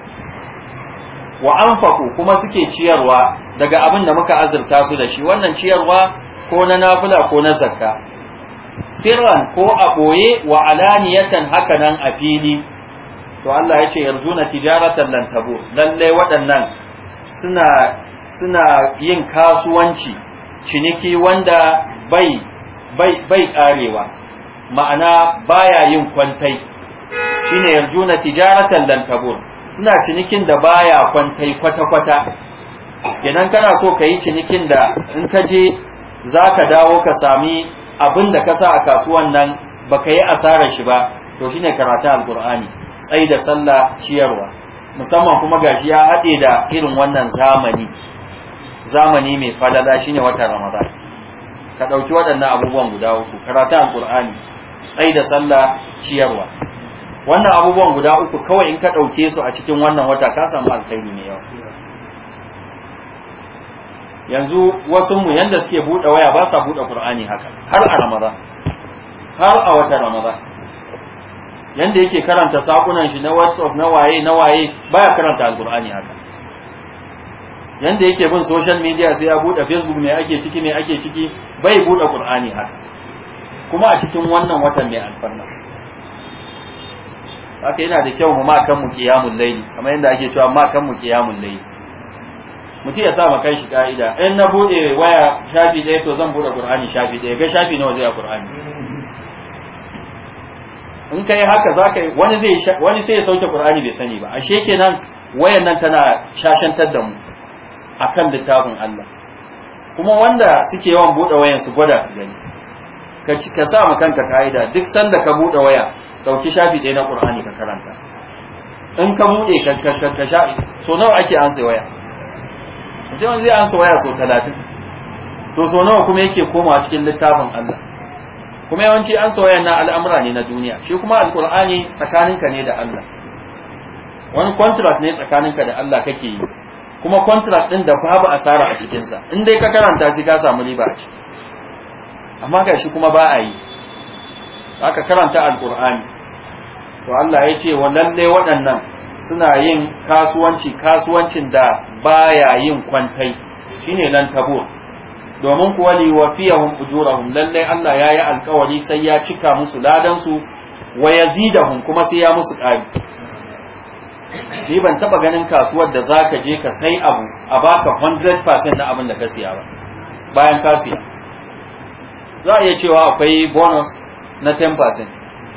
wa anfaqu kuma suke ciyarwa daga abin da muka azurta su da shi wannan ciyarwa ko na nafila ko na zakka sirran ko a boye wa alaniyatan haka nan a fili to Allah ya ce yanzu na tijaratan lan tabu waɗannan suna suna yin kasuwanci ciniki wanda bai bai bai karewa ma'ana baya yin kwantai shine yarjuna tijaratan lan tabur suna cinikin da baya kwantai kwata kwata kenan kana so ka yi cinikin da in ka je zaka dawo ka sami abin da ka sa a kasuwan nan baka yi asarar shi ba to shine karatu alkur'ani tsai da sallah ciyarwa musamman kuma gashi ya haɗe da irin wannan zamani zamani mai falala shine watan ramadan ka ɗauki waɗannan abubuwan guda uku karatu alƙur'ani tsai da sallah ciyarwa wannan abubuwan guda uku kawai in ka ɗauke su a cikin wannan wata ka samu alkhairi ne yau yanzu wasu mu yanda suke buɗe waya ba sa buɗe qur'ani haka har a ramadan har a watan ramadan yanda yake karanta sakunan shi na whatsapp na waye na waye baya karanta alkur'ani haka yanda yake bin social media sai ya bude facebook me ake ciki me ake ciki bai bude qur'ani haka kuma a cikin wannan watan mai alfarma haka yana da kyau mu ma kan mu qiyamul layli kamar yanda ake cewa ma kan mu qiyamul layli mutum ya sa ma kanshi ka'ida in na bude waya shafi ɗaya to zan bude qur'ani shafi ɗaya ga shafi nawa zai a qur'ani in ka yi haka za ka wani zai wani sai ya sauke qur'ani bai sani ba ashe kenan wayan nan tana shashantar da mu akan littafin Allah kuma wanda suke yawan bude wayan su gwada su gani ka ka sa ma kanka kaida duk sanda ka bude waya dauki shafi ɗaya na qur'ani ka karanta in ka bude ka ka ka so nawa ake ansa waya mutum zai ansa waya so 30 to so nawa kuma yake komawa cikin littafin Allah kuma yawanci an soyayya na al'amura ne na duniya shi kuma alkur'ani tsakaninka ne da Allah wani contract ne tsakaninka da Allah kake yi kuma contract din da babu asara a cikinsa in dai ka karanta shi ka samu riba a ciki amma ga shi kuma ba a yi aka karanta alkur'ani to Allah ya ce wa lalle waɗannan suna yin kasuwanci kasuwancin da baya yin kwantai shine nan tabur domin kuwa hun wafiyahum hun lalle Allah ya yi alkawari sai ya cika musu ladan su zida hun kuma sai ya musu ƙari ni ban taɓa ganin kasuwar da za ka je ka sai abu a baka 100% na abin da ka siya ba bayan ka siya za a iya cewa akwai bonus na 10%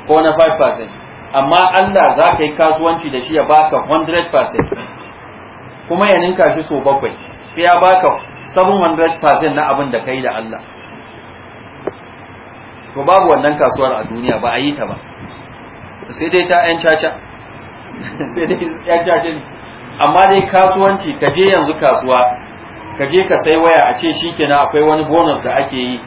ko na 5% amma Allah za ka yi kasuwanci da shi ya baka 100% kuma ya ninka shi so bakwai sai ya baka 700% na abin da kai da Allah to babu wannan kasuwar a duniya ba a yi ta ba sai dai ta 'yan caca sai dai 'yan caca ne amma dai kasuwanci ka je yanzu kasuwa ka je ka sai waya a ce shi kenan akwai wani bonus da ake yi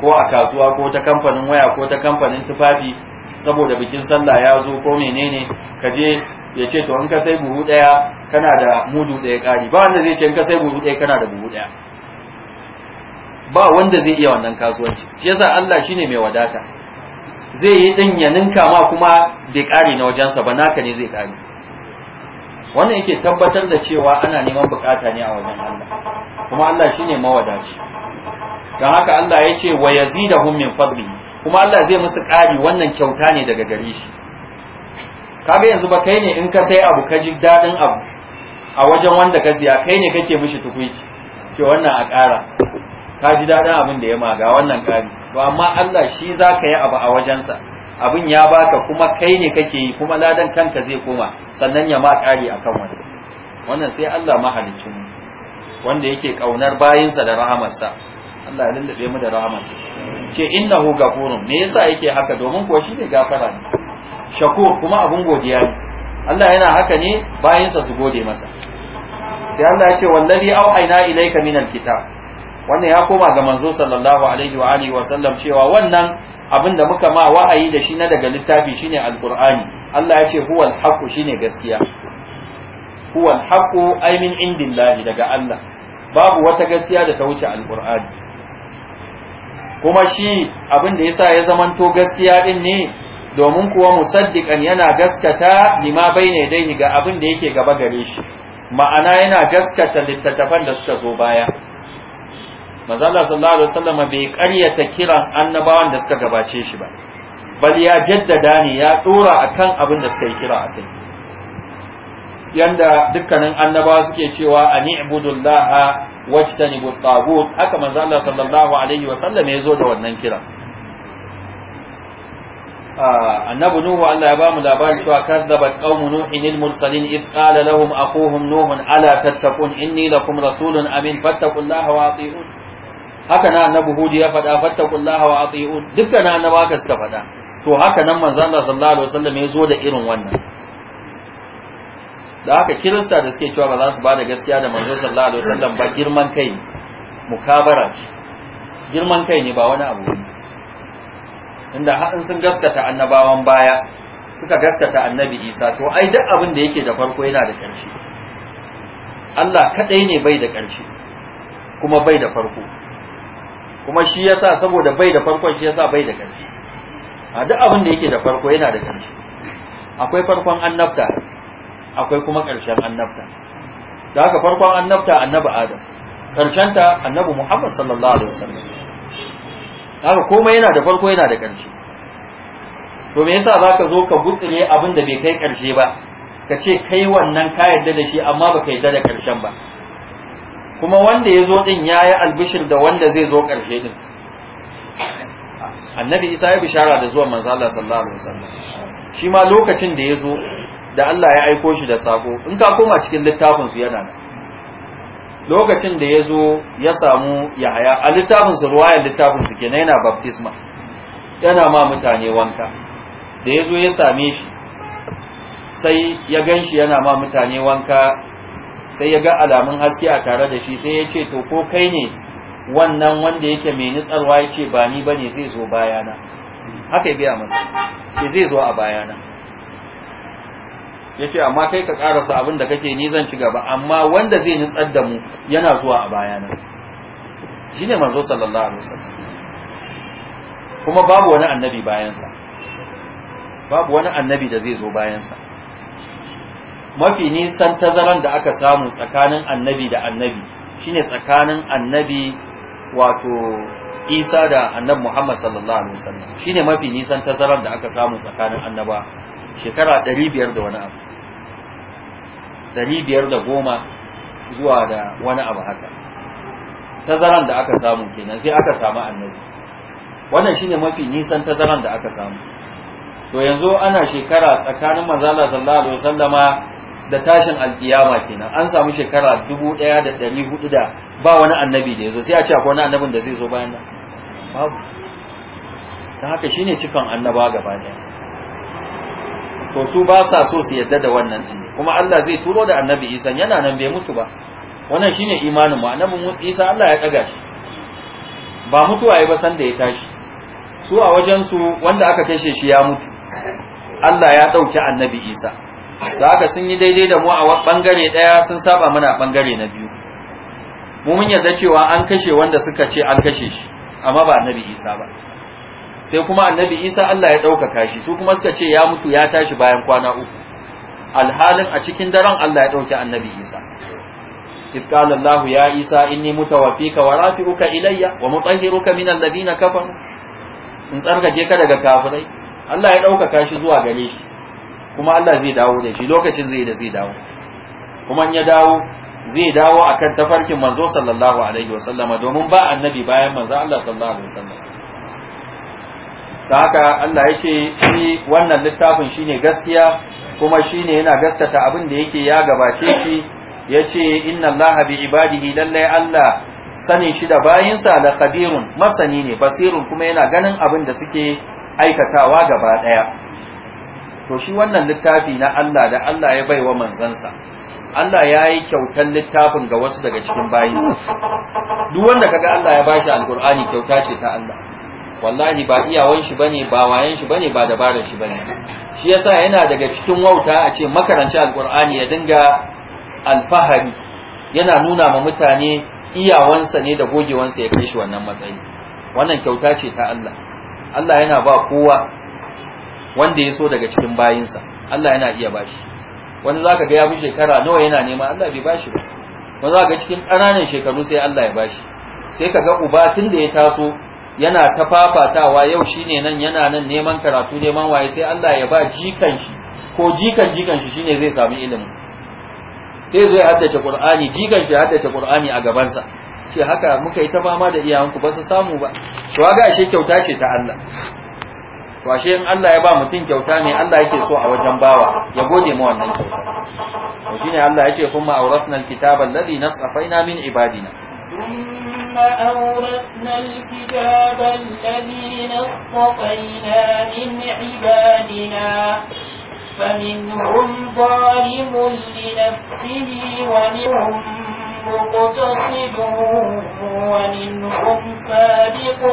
ko a kasuwa ko ta kamfanin waya ko ta kamfanin tufafi saboda bikin sallah ya zo ko menene ka je ya ce to in ka sai buhu daya kana da mudu daya kari ba wanda zai ce in ka sai buhu daya kana da buhu daya ba wanda zai iya wannan kasuwanci shi yasa Allah shine mai wadata zai yi din ya ninka ma kuma bai kari na wajensa ba naka ne zai kari. wannan yake tabbatar da cewa ana neman bukata ne a wajen Allah kuma Allah shine mawadaci don haka Allah ya ce wa yazidahum min fadlihi kuma Allah zai musu ƙari wannan kyauta ne daga gare shi kaga yanzu ba kai ne in ka sai abu ka ji daɗin abu a wajen wanda ka siya kai ne kake mishi tukuici ce wannan a ƙara ka ji daɗin abin da ya maga wannan ƙari to amma Allah shi za ka yi abu a wajensa abin ya baka kuma kai ne kake yi kuma ladan kanka zai koma sannan ya ma ƙari akan wani wannan sai Allah mahalicin wanda yake ƙaunar bayinsa da rahamarsa Allah ya lullube mu da rahamarsa ce innahu gafurun me yasa yake haka domin kuwa shi ne gafara ne shakur kuma abun godiya ne Allah yana haka ne bayansa su gode masa sai Allah ya ce wallazi aina ilayka min alkitab wannan ya koma ga manzo sallallahu alaihi wa alihi wa sallam cewa wannan abin da muka ma wa'ayi da shi na daga littafi shine alqur'ani Allah ya ce huwal haqu shine gaskiya huwal haqu ay min indillahi daga Allah babu wata gaskiya da ta wuce alqur'ani kuma shi abin da yasa ya zamanto gaskiya din ne domin kuwa musaddiqan yana gaskata lima ne dai ga abin da yake gaba gare shi ma'ana yana gaskata littattafan da suka zo baya manzo Allah sallallahu alaihi wasallam bai ƙaryata kiran annabawan da suka gabace shi ba bal ya jaddada ne ya dora akan abin da suka yi kira kai. yanda dukkanin annabawa suke cewa ani ibudullah wajtanibu tagut haka manzo Allah sallallahu alaihi wa sallam ya zo da wannan kira ah, annabi nuhu Allah ya bamu labari cewa kazzabat qaumu nuhin al mursalin id qala lahum aquhum nuhun ala tattaqun inni lakum rasulun amin fattaqullaha wa atiun haka na annabi hudu ya faɗa fattaqullaha wa atiun dukkan annabawa suka faɗa to haka nan manzo Allah sallallahu alaihi wa sallam ya zo da irin wannan da haka kirista da suke cewa ba za su ba da gaskiya da manzo sallallahu alaihi wasallam ba girman kai ne mukabara ce girman kai ne ba wani abu ne inda haɗin sun gaskata annabawan baya suka gaskata annabi isa to ai duk abin da yake da farko yana da ƙarshe Allah kaɗai ne bai da ƙarshe kuma bai da farko kuma shi yasa saboda bai da farkon shi yasa bai da ƙarshe a duk abin da yake da farko yana da ƙarshe akwai farkon annabta akwai kuma ƙarshen annabta da haka farkon annabta annabi adam ƙarshen ta annabi muhammad sallallahu alaihi wasallam haka komai yana da farko yana da ƙarshe to me yasa zaka zo ka gutsire abin da bai kai ƙarshe ba ka ce kai wannan ka yarda da shi amma baka yarda da ƙarshen ba kuma wanda ya zo din ya yi albishir da wanda zai zo ƙarshe din annabi isa ya bishara da zuwan Manzala sallallahu alaihi wasallam shi ma lokacin da ya zo da Allah ya aiko shi da sako in ka koma cikin littafin su yana lokacin da ya zo ya samu yahaya a littafin su ruwayar littafin su kenan yana baptisma yana ma mutane wanka da ya zo ya same shi sai ya gan shi yana ma mutane wanka sai ya ga alamun haske a tare da shi sai ya ce to ko kai ne wannan wanda yake mai nitsarwa ya ce ba ni ba ne zai zo bayana haka ya biya masa ke zai zo a bayana ya ce amma kai ka karasa abin da kake ni zan ci gaba amma wanda zai nutsar da mu yana zuwa a bayana shi ne manzo sallallahu alaihi wasallam kuma babu wani annabi bayansa babu wani annabi da zai zo bayansa mafi nisan tazaran da aka samu tsakanin annabi da annabi shine tsakanin annabi wato isa da annabi muhammad sallallahu alaihi wasallam ne mafi nisan tazaran da aka samu tsakanin annaba shekara 500 da wani abu 510 zuwa da wani abu haka tazaran da aka samu kenan sai aka samu annabi wannan shine mafi nisan tazaran da aka samu to yanzu ana shekara tsakanin manzala sallallahu alaihi wasallama da tashin alkiyama kenan an samu shekara 1400 da ba wani annabi da yazo sai a ce akwai wani annabin da zai zo bayan nan babu ta haka shine cikan annaba gaba daya to su ba sa so su yadda da wannan kuma Allah zai turo da annabi Isa yana nan bai mutu ba wannan shine imanin mu annabi Isa Allah ya kaga shi ba mutuwa ya ba san da ya tashi su a wajen su wanda aka kashe shi ya mutu Allah ya dauki annabi Isa da haka sun yi daidai da mu a bangare daya sun saba mana bangare na biyu mu mun yarda cewa an kashe wanda suka ce an kashe shi amma ba annabi Isa ba sai kuma annabi isa Allah ya ɗaukaka shi su kuma suka ce ya mutu ya tashi bayan kwana uku alhalin a cikin daren Allah ya ɗauki annabi isa إذ قال الله يا عيسى إني متوفيك ورافعك إلي ومطهرك من الذين كفروا in tsarkake ka daga kafirai Allah ya ɗaukaka shi zuwa gare shi kuma Allah zai dawo da shi lokacin zai da zai dawo kuma in ya dawo zai dawo akan tafarkin manzo sallallahu alaihi wasallam domin ba annabi bayan manzo Allah sallallahu alaihi wasallam ta haka Allah ya ce shi wannan littafin shine gaskiya kuma shi ne yana gaskata abin da yake ya gabace shi ya ce inna Allah bi ibadihi lallai Allah sanin shi da bayinsa da kabirun masani ne basirun kuma yana ganin abin da suke aikatawa gaba ɗaya to shi wannan littafi na Allah da Allah ya baiwa manzansa Allah ya yi kyautar littafin ga wasu daga cikin bayinsa duk wanda kaga Allah ya bashi alkur'ani kyauta ce ta Allah wallahi ba iyawan shi bane ba wayan shi bane ba dabarar shi bane shi yasa yana daga cikin wauta a ce makarancin alqur'ani ya dinga alfahari yana nuna ma mutane iyawansa ne da gogewansa ya kai shi wannan matsayi wannan kyauta ce ta Allah Allah yana ba kowa wanda ya so daga cikin bayinsa Allah yana iya bashi wani zaka ga ya bi shekara nawa yana nema Allah bai bashi ba wani zaka ga cikin ƙananan shekaru sai Allah ya bashi sai kaga uba tun da ya taso yana ta fafatawa yau shine nan yana nan neman karatu neman waye sai Allah ya ba jikan shi ko jikan jikan shi shine zai samu ilimi sai zai haddace Qur'ani jikan shi haddace Qur'ani a gabansa. sa ce haka muka yi ta fama da iyayenku ba su samu ba to ga shi kyauta ce ta Allah to ashe in Allah ya ba mutum kyauta ne Allah yake so a wajen bawa ya gode mu wannan kyauta to shine Allah yake kuma auratnal kitaba alladhi nasafaina min ibadina ثم أورثنا الكتاب الذين اصطفينا من عبادنا فمنهم ظالم لنفسه ومنهم مقتصد ومنهم سابق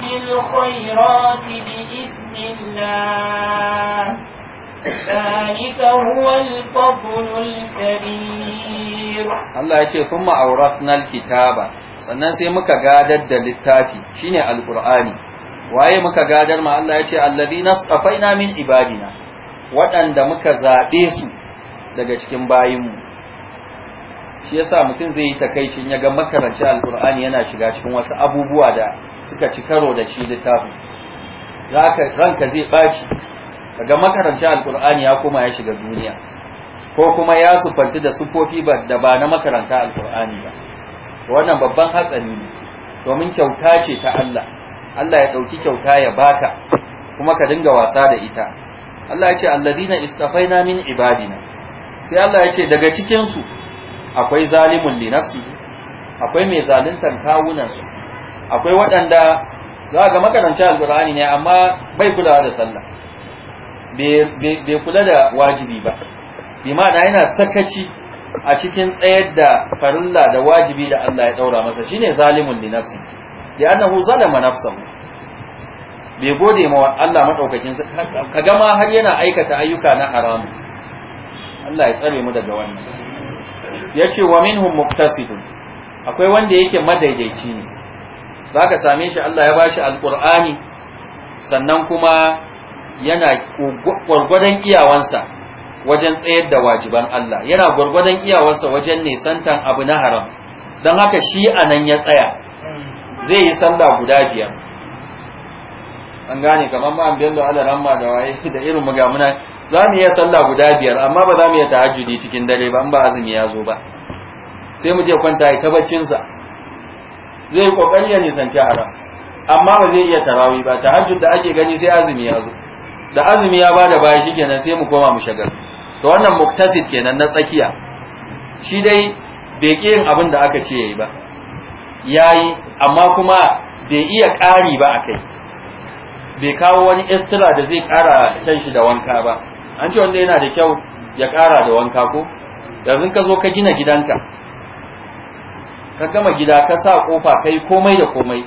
بالخيرات بإذن الله Allah ya ce الكبير الله na ثم sannan sai muka gadar da littafi shine alƙur'ani waye muka gadar ma Allah ya ce, yace alladina na min ibadina waɗanda muka zaɓe su daga cikin bayinmu shi ya sa mutum zai yi takaicin ya ga makaranci alqur'ani yana shiga cikin wasu abubuwa da suka ci karo da shi littafi. ranka zai ɓaci Daga makaranci alkur'ani ya koma ya shiga duniya ko kuma ya sufanti da sufofi da ba na makaranta alkur'ani ba wannan babban hatsari ne domin kyauta ce ta Allah Allah ya ɗauki kyauta ya baka kuma ka dinga wasa da ita Allah ya ce alladina istafaina min ibadina sai Allah ya ce daga cikin su akwai zalimun li nafsi akwai mai zaluntar kawunan su akwai waɗanda za ga makarantar alkur'ani ne amma bai kulawa da sallah bai kula da wajibi ba bi ma'ana yana sakaci a cikin tsayar da farilla da wajibi da Allah ya daura masa shine zalimun li nafsi da annahu zalama nafsahu bai gode ma Allah madaukakin sa kaga ma har yana aikata ayyuka na haram Allah ya tsare mu daga wannan yace wa minhum muqtasidun akwai wanda yake madaidaici ne zaka same shi Allah ya bashi alqur'ani sannan kuma yana gwargwadon iyawansa wajen tsayar da wajiban Allah yana gwargwadon iyawansa wajen nisantan abu na haram don haka shi a nan ya tsaya zai yi sallah guda biyar an gane kamar ma an da ala ramma da waye da irin mugamuna za mu iya sallah guda biyar amma ba za mu iya tahajjudi cikin dare ba in ba azumi ya zo ba sai mu je kwanta ya ta baccinsa zai yi kokari ya nisanci haram amma ba zai iya tarawih ba tahajjud da ake gani sai azumi ya zo da azumi ya ba bada baya shikenan sai mu koma mu shagal to wannan muktasid kenan na tsakiya shi dai bai ƙi yin abin da aka ce yayi ba yayi amma kuma bai iya ƙari ba akai bai kawo wani istira da zai ƙara kan shi da wanka ba an ce wanda yana da kyau ya ƙara da wanka ko yanzu ka zo ka gina gidanka ka gama gida ka sa kofa kai komai da komai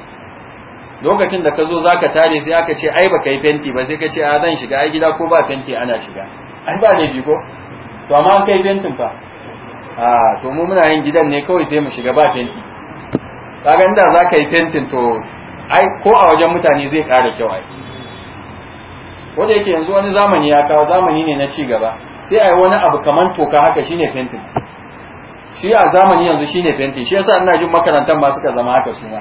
lokacin da ka zo za ka tare sai aka ce ai ba ka yi fenti ba sai ka ce a zan shiga ai gida ko ba fenti ana shiga ai ba bi ko to amma an kai fentin fa a to mu muna yin gidan ne kawai sai mu shiga ba fenti kaga inda za ka yi fentin to ai ko a wajen mutane zai ƙara kyau ai ko da yake yanzu wani zamani ya kawo zamani ne na ci gaba sai ai wani abu kaman toka haka shine fentin shi a zamani yanzu shine fentin shi yasa ina jin makarantar ma suka zama haka suna.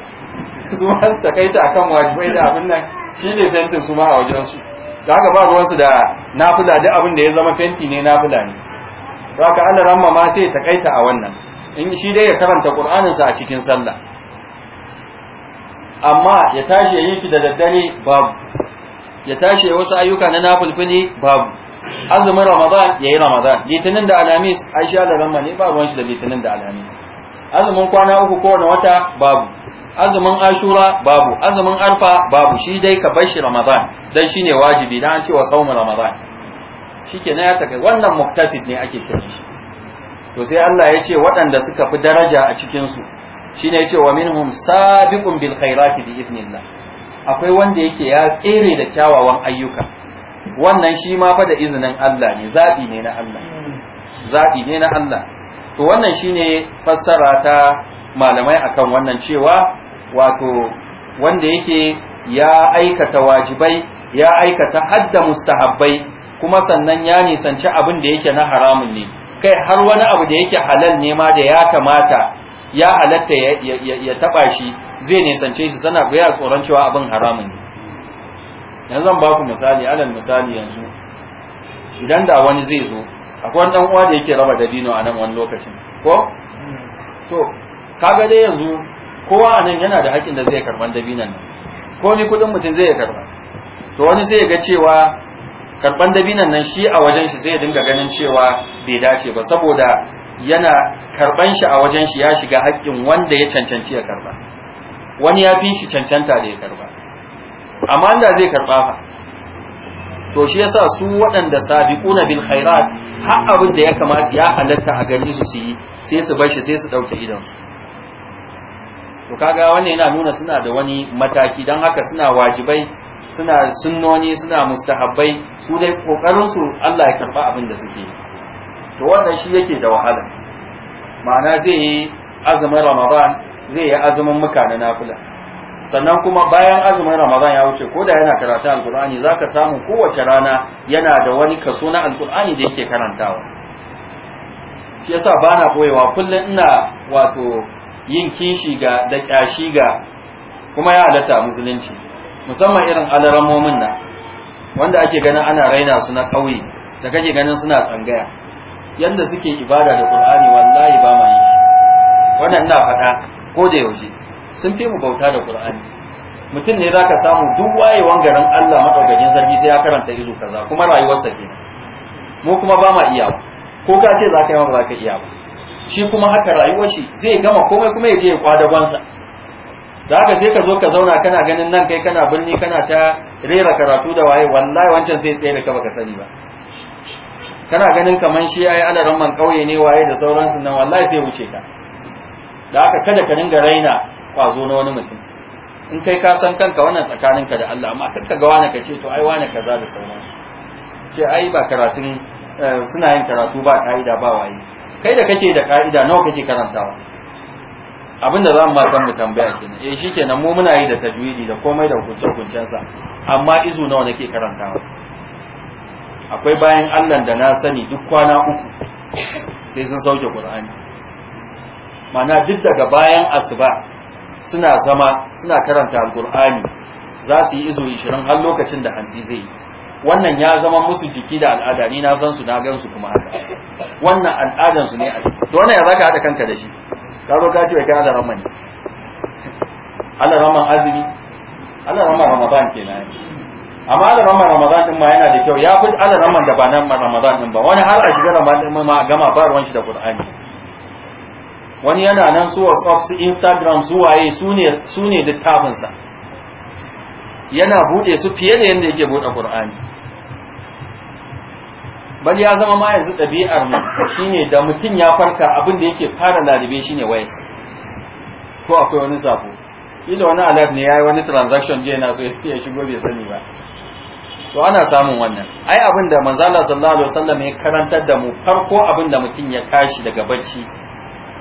su ma su ta kan wajibai da abin nan shi ne fentin su ma a wajen su da haka ba ruwansu da nafula duk abin da ya zama fenti ne nafula ne to haka Allah ramma ma sai ta ta a wannan in shi dai ya karanta Qur'anin sa a cikin sallah amma ya tashi ya yi shi da daddare babu ya tashi ya wasu ayyuka na nafilfili babu azumin Ramadan yi Ramadan litinin da alamis Aisha da ramma ne ba ruwan shi da litinin da alamis azumin kwana uku kowane wata babu azumin ashura babu azumin arfa babu shi dai ka bar shi ramadan dan shine wajibi dan an ce wa saumu ramadan shikenan ya taka wannan muktasid ne ake kira shi to sai Allah ya ce waɗanda suka fi daraja a cikin su shine ya ce wa minhum sabiqun bil khairati bi idnillah akwai wanda yake ya tsere da kyawawan ayyuka wannan shi ma fa da izinin Allah ne zabi ne na Allah zabi ne na Allah to wannan shine fassara ta malamai akan wannan cewa wato wanda yake ya aikata wajibai ya aikata hadda mustahabbai kuma sannan ya nisanci abin da yake na haramun ne kai har wani abu da yake halal ne ma da ya kamata ya halatta ya taba shi zai nisance shi sana ya tsoron cewa abin haramun ne yanzu ba ku misali alal misali yanzu idan da wani zai zo akwai wani uwa da yake raba dabino a nan wani lokacin ko to kaga dai yanzu kowa a nan yana da haƙƙin da zai karɓar dabinan nan ko ni kuɗin mutum zai karba to wani zai ga cewa karban dabinan nan shi a wajen shi zai dinga ganin cewa bai dace ba saboda yana karban shi a wajen shi ya shiga haƙƙin wanda ya cancanci ya karba wani ya fi shi cancanta da ya karba amma da zai karba fa to shi yasa su waɗanda sabiquna bil khairat har abin da ya kamata ya halatta a gari su yi sai su bar shi sai su ɗauke su. to kaga wannan yana nuna suna da wani mataki don haka suna wajibai suna sunnoni suna mustahabbai su dai kokarin su Allah ya karba abin da suke to wannan shi yake da wahala ma'ana zai yi azumin Ramadan zai yi azumin muka na nafila sannan kuma bayan azumin ramadan ya wuce ko da yana karatu alkur'ani za ka samu kowace rana yana da wani kaso na alkur'ani da yake karantawa shi yasa ba na boyewa kullum ina wato yin kishi ga da kyashi ga kuma ya halatta musulunci musamman irin alaramomin na. wanda ake ganin ana raina su na kauye da kake ganin suna tsangaya yadda suke ibada da qur'ani wallahi ba ma yi wannan ina faɗa ko da yaushe sun fi mu bauta da qur'ani mutum ne zaka samu duk wayewan garin Allah madaukakin sarki sai ya karanta izu kaza kuma rayuwarsa ke mu kuma ba ma iya ko ka ce zaka yi ma zaka iya ba shi kuma haka rayuwar shi zai gama komai kuma ya je ya kwada da zaka sai ka zo ka zauna kana ganin nan kai kana birni kana ta rera karatu da waye wallahi wancan sai tsaye da ka baka sani ba kana ganin kaman shi ai alaran man kauye ne waye da sauransu nan wallahi sai wuce ka da haka kada ka dinga raina kwazo na wani mutum in kai ka san kanka wannan tsakaninka da Allah amma kanka ga wani kace to ai wani kaza da sauransu ce ai ba karatun eh, suna yin karatu ba ka'ida ba waye kai da kake da ka'ida nawa kake karantawa abinda za mu ma san mu tambaya kenan eh shikenan mu muna yi da tajwidi da komai da hukunce hukuncen sa amma izu nawa nake karantawa akwai bayan Allah da na sani duk kwana uku sai sun sauke Qur'ani mana duk daga bayan asuba suna zama suna karanta alkur'ani za su yi izo 20 har lokacin da hanzi zai yi wannan ya zama musu jiki da al'ada ni na san su na gan su kuma haka wannan al'adan su ne a to wannan ya zaka hada kanka da shi ka zo ka ce kai Allah rahman ne Allah rahman azumi Allah rahman ramadan kenan amma Allah rahman ramadan din ma yana da kyau ya fi Allah rahman da ba nan ramadan din ba wani har a shiga ramadan ma gama ba ruwan shi da qur'ani wani yana nan su whatsapp su instagram su waye su ne littafinsa yana buɗe su fiye da yadda yake buɗe ƙur'ani bal ya zama ma yanzu ɗabi'ar mu shine da mutum ya farka abin da yake fara lalibe shine wayarsa ko akwai wani sabo ila wani alert ne yayi wani transaction je na so ya ya shigo bai sani ba to ana samun wannan ai abin da manzo Allah sallallahu alaihi wasallam ya karantar da mu farko abin da mutum ya kashi daga bacci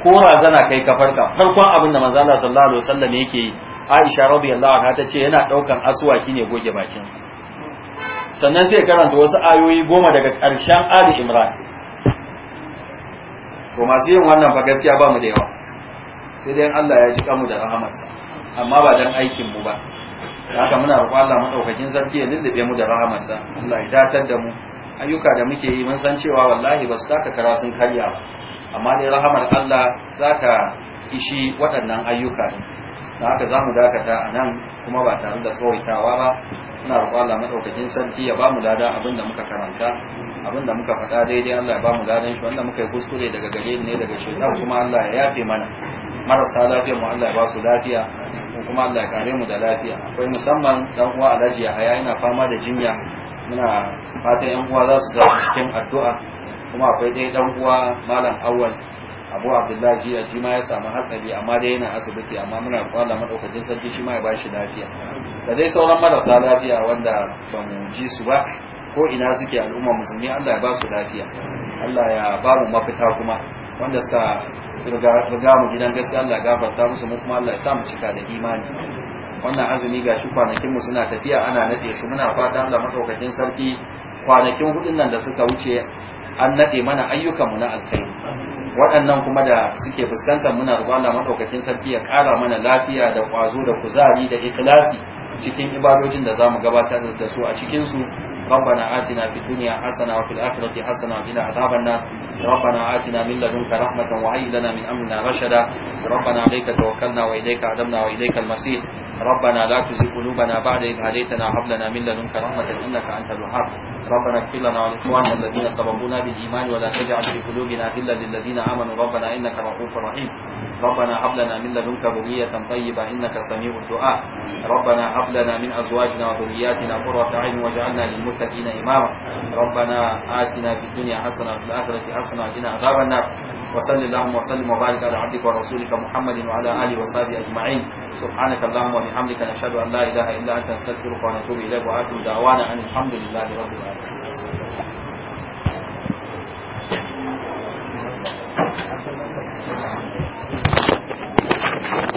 ko razana kai ka farkon abin da manzo Allah sallallahu alaihi wasallam yake yi Aisha radiyallahu anha ta ce yana daukan aswaki ne goge bakin sannan sai karanta wasu ayoyi goma daga karshen Ali Imran to masu yin wannan fa gaskiya ba mu da yawa sai dai Allah ya ji kamu da rahamarsa amma ba dan aikin mu ba haka muna roƙon Allah madaukakin sarki ya lullube mu da rahamarsa Allah ya datar da mu ayyuka da muke yi mun san cewa wallahi ba su taka kara sun karya ba amma ne rahamar Allah za ta ishi waɗannan ayyuka da haka za mu dakata a nan kuma ba tare da tsawaitawa ba ina roƙo Allah maɗaukakin sarki ya ba mu lada abin da muka karanta abin da muka faɗa daidai Allah ya ba mu ladan shi wanda muka yi kuskure daga gare ne daga shaitan kuma Allah ya yafe mana marasa lafiya mu Allah ya ba su lafiya kuma Allah ya kare mu da lafiya akwai musamman dan uwa Alhaji Yahaya yana fama da jinya muna fatan yan uwa za su zama cikin addu'a kuma akwai dai dan uwa malam awwal abu abdullahi jiya jima ma ya samu hatsari amma dai yana asibiti amma muna kwala madaukakin sarki shi ma ya bashi lafiya da dai sauran marasa lafiya wanda ba mu ji su ba ko ina suke al'umma musulmi Allah ya ba su lafiya Allah ya ba mu mafita kuma wanda suka riga mu gidan gaskiya Allah ya gafarta musu mu kuma Allah ya sa mu cika da imani wannan azumi gashi kwanakin mu suna tafiya ana nade su muna fata Allah madaukakin sarki kwanakin hudun nan da suka wuce an nade mana ayyukanmu na alkhairi waɗannan kuma da suke fuskantar muna roƙon Allah madaukakin sarki ya ƙara mana lafiya da kwazo da kuzari da ikhlasi cikin ibadojin da zamu gabatar da su a cikin su ربنا آتنا في الدنيا حسنة وفي الآخرة حسنة وقنا عذاب النار ربنا آتنا من لدنك رحمة وهيئ لنا من أمرنا رشدا ربنا عليك توكلنا وإليك عدمنا وإليك المسيح ربنا لا تزغ قلوبنا بعد إذ هديتنا وهب لنا من لدنك رحمة إنك أنت الوهاب ربنا اغفر لنا ولإخواننا الذين سبقونا بالإيمان ولا تجعل في قلوبنا غلا للذين آمنوا ربنا إنك رؤوف رحيم ربنا هب لنا من لدنك ذرية طيبة إنك سميع الدعاء ربنا هب لنا من أزواجنا وذرياتنا قرة أعين واجعلنا للمتقين للمتقين إماما ربنا آتنا في الدنيا حسنة وفي الآخرة حسنة وقنا عذاب النار وصل اللهم وسلم وبارك على عبدك ورسولك محمد وعلى آله وصحبه أجمعين سبحانك اللهم وبحمدك نشهد أن لا إله إلا أنت نستغفرك ونتوب إليك وآخر دعوانا أن الحمد لله رب العالمين Thank you.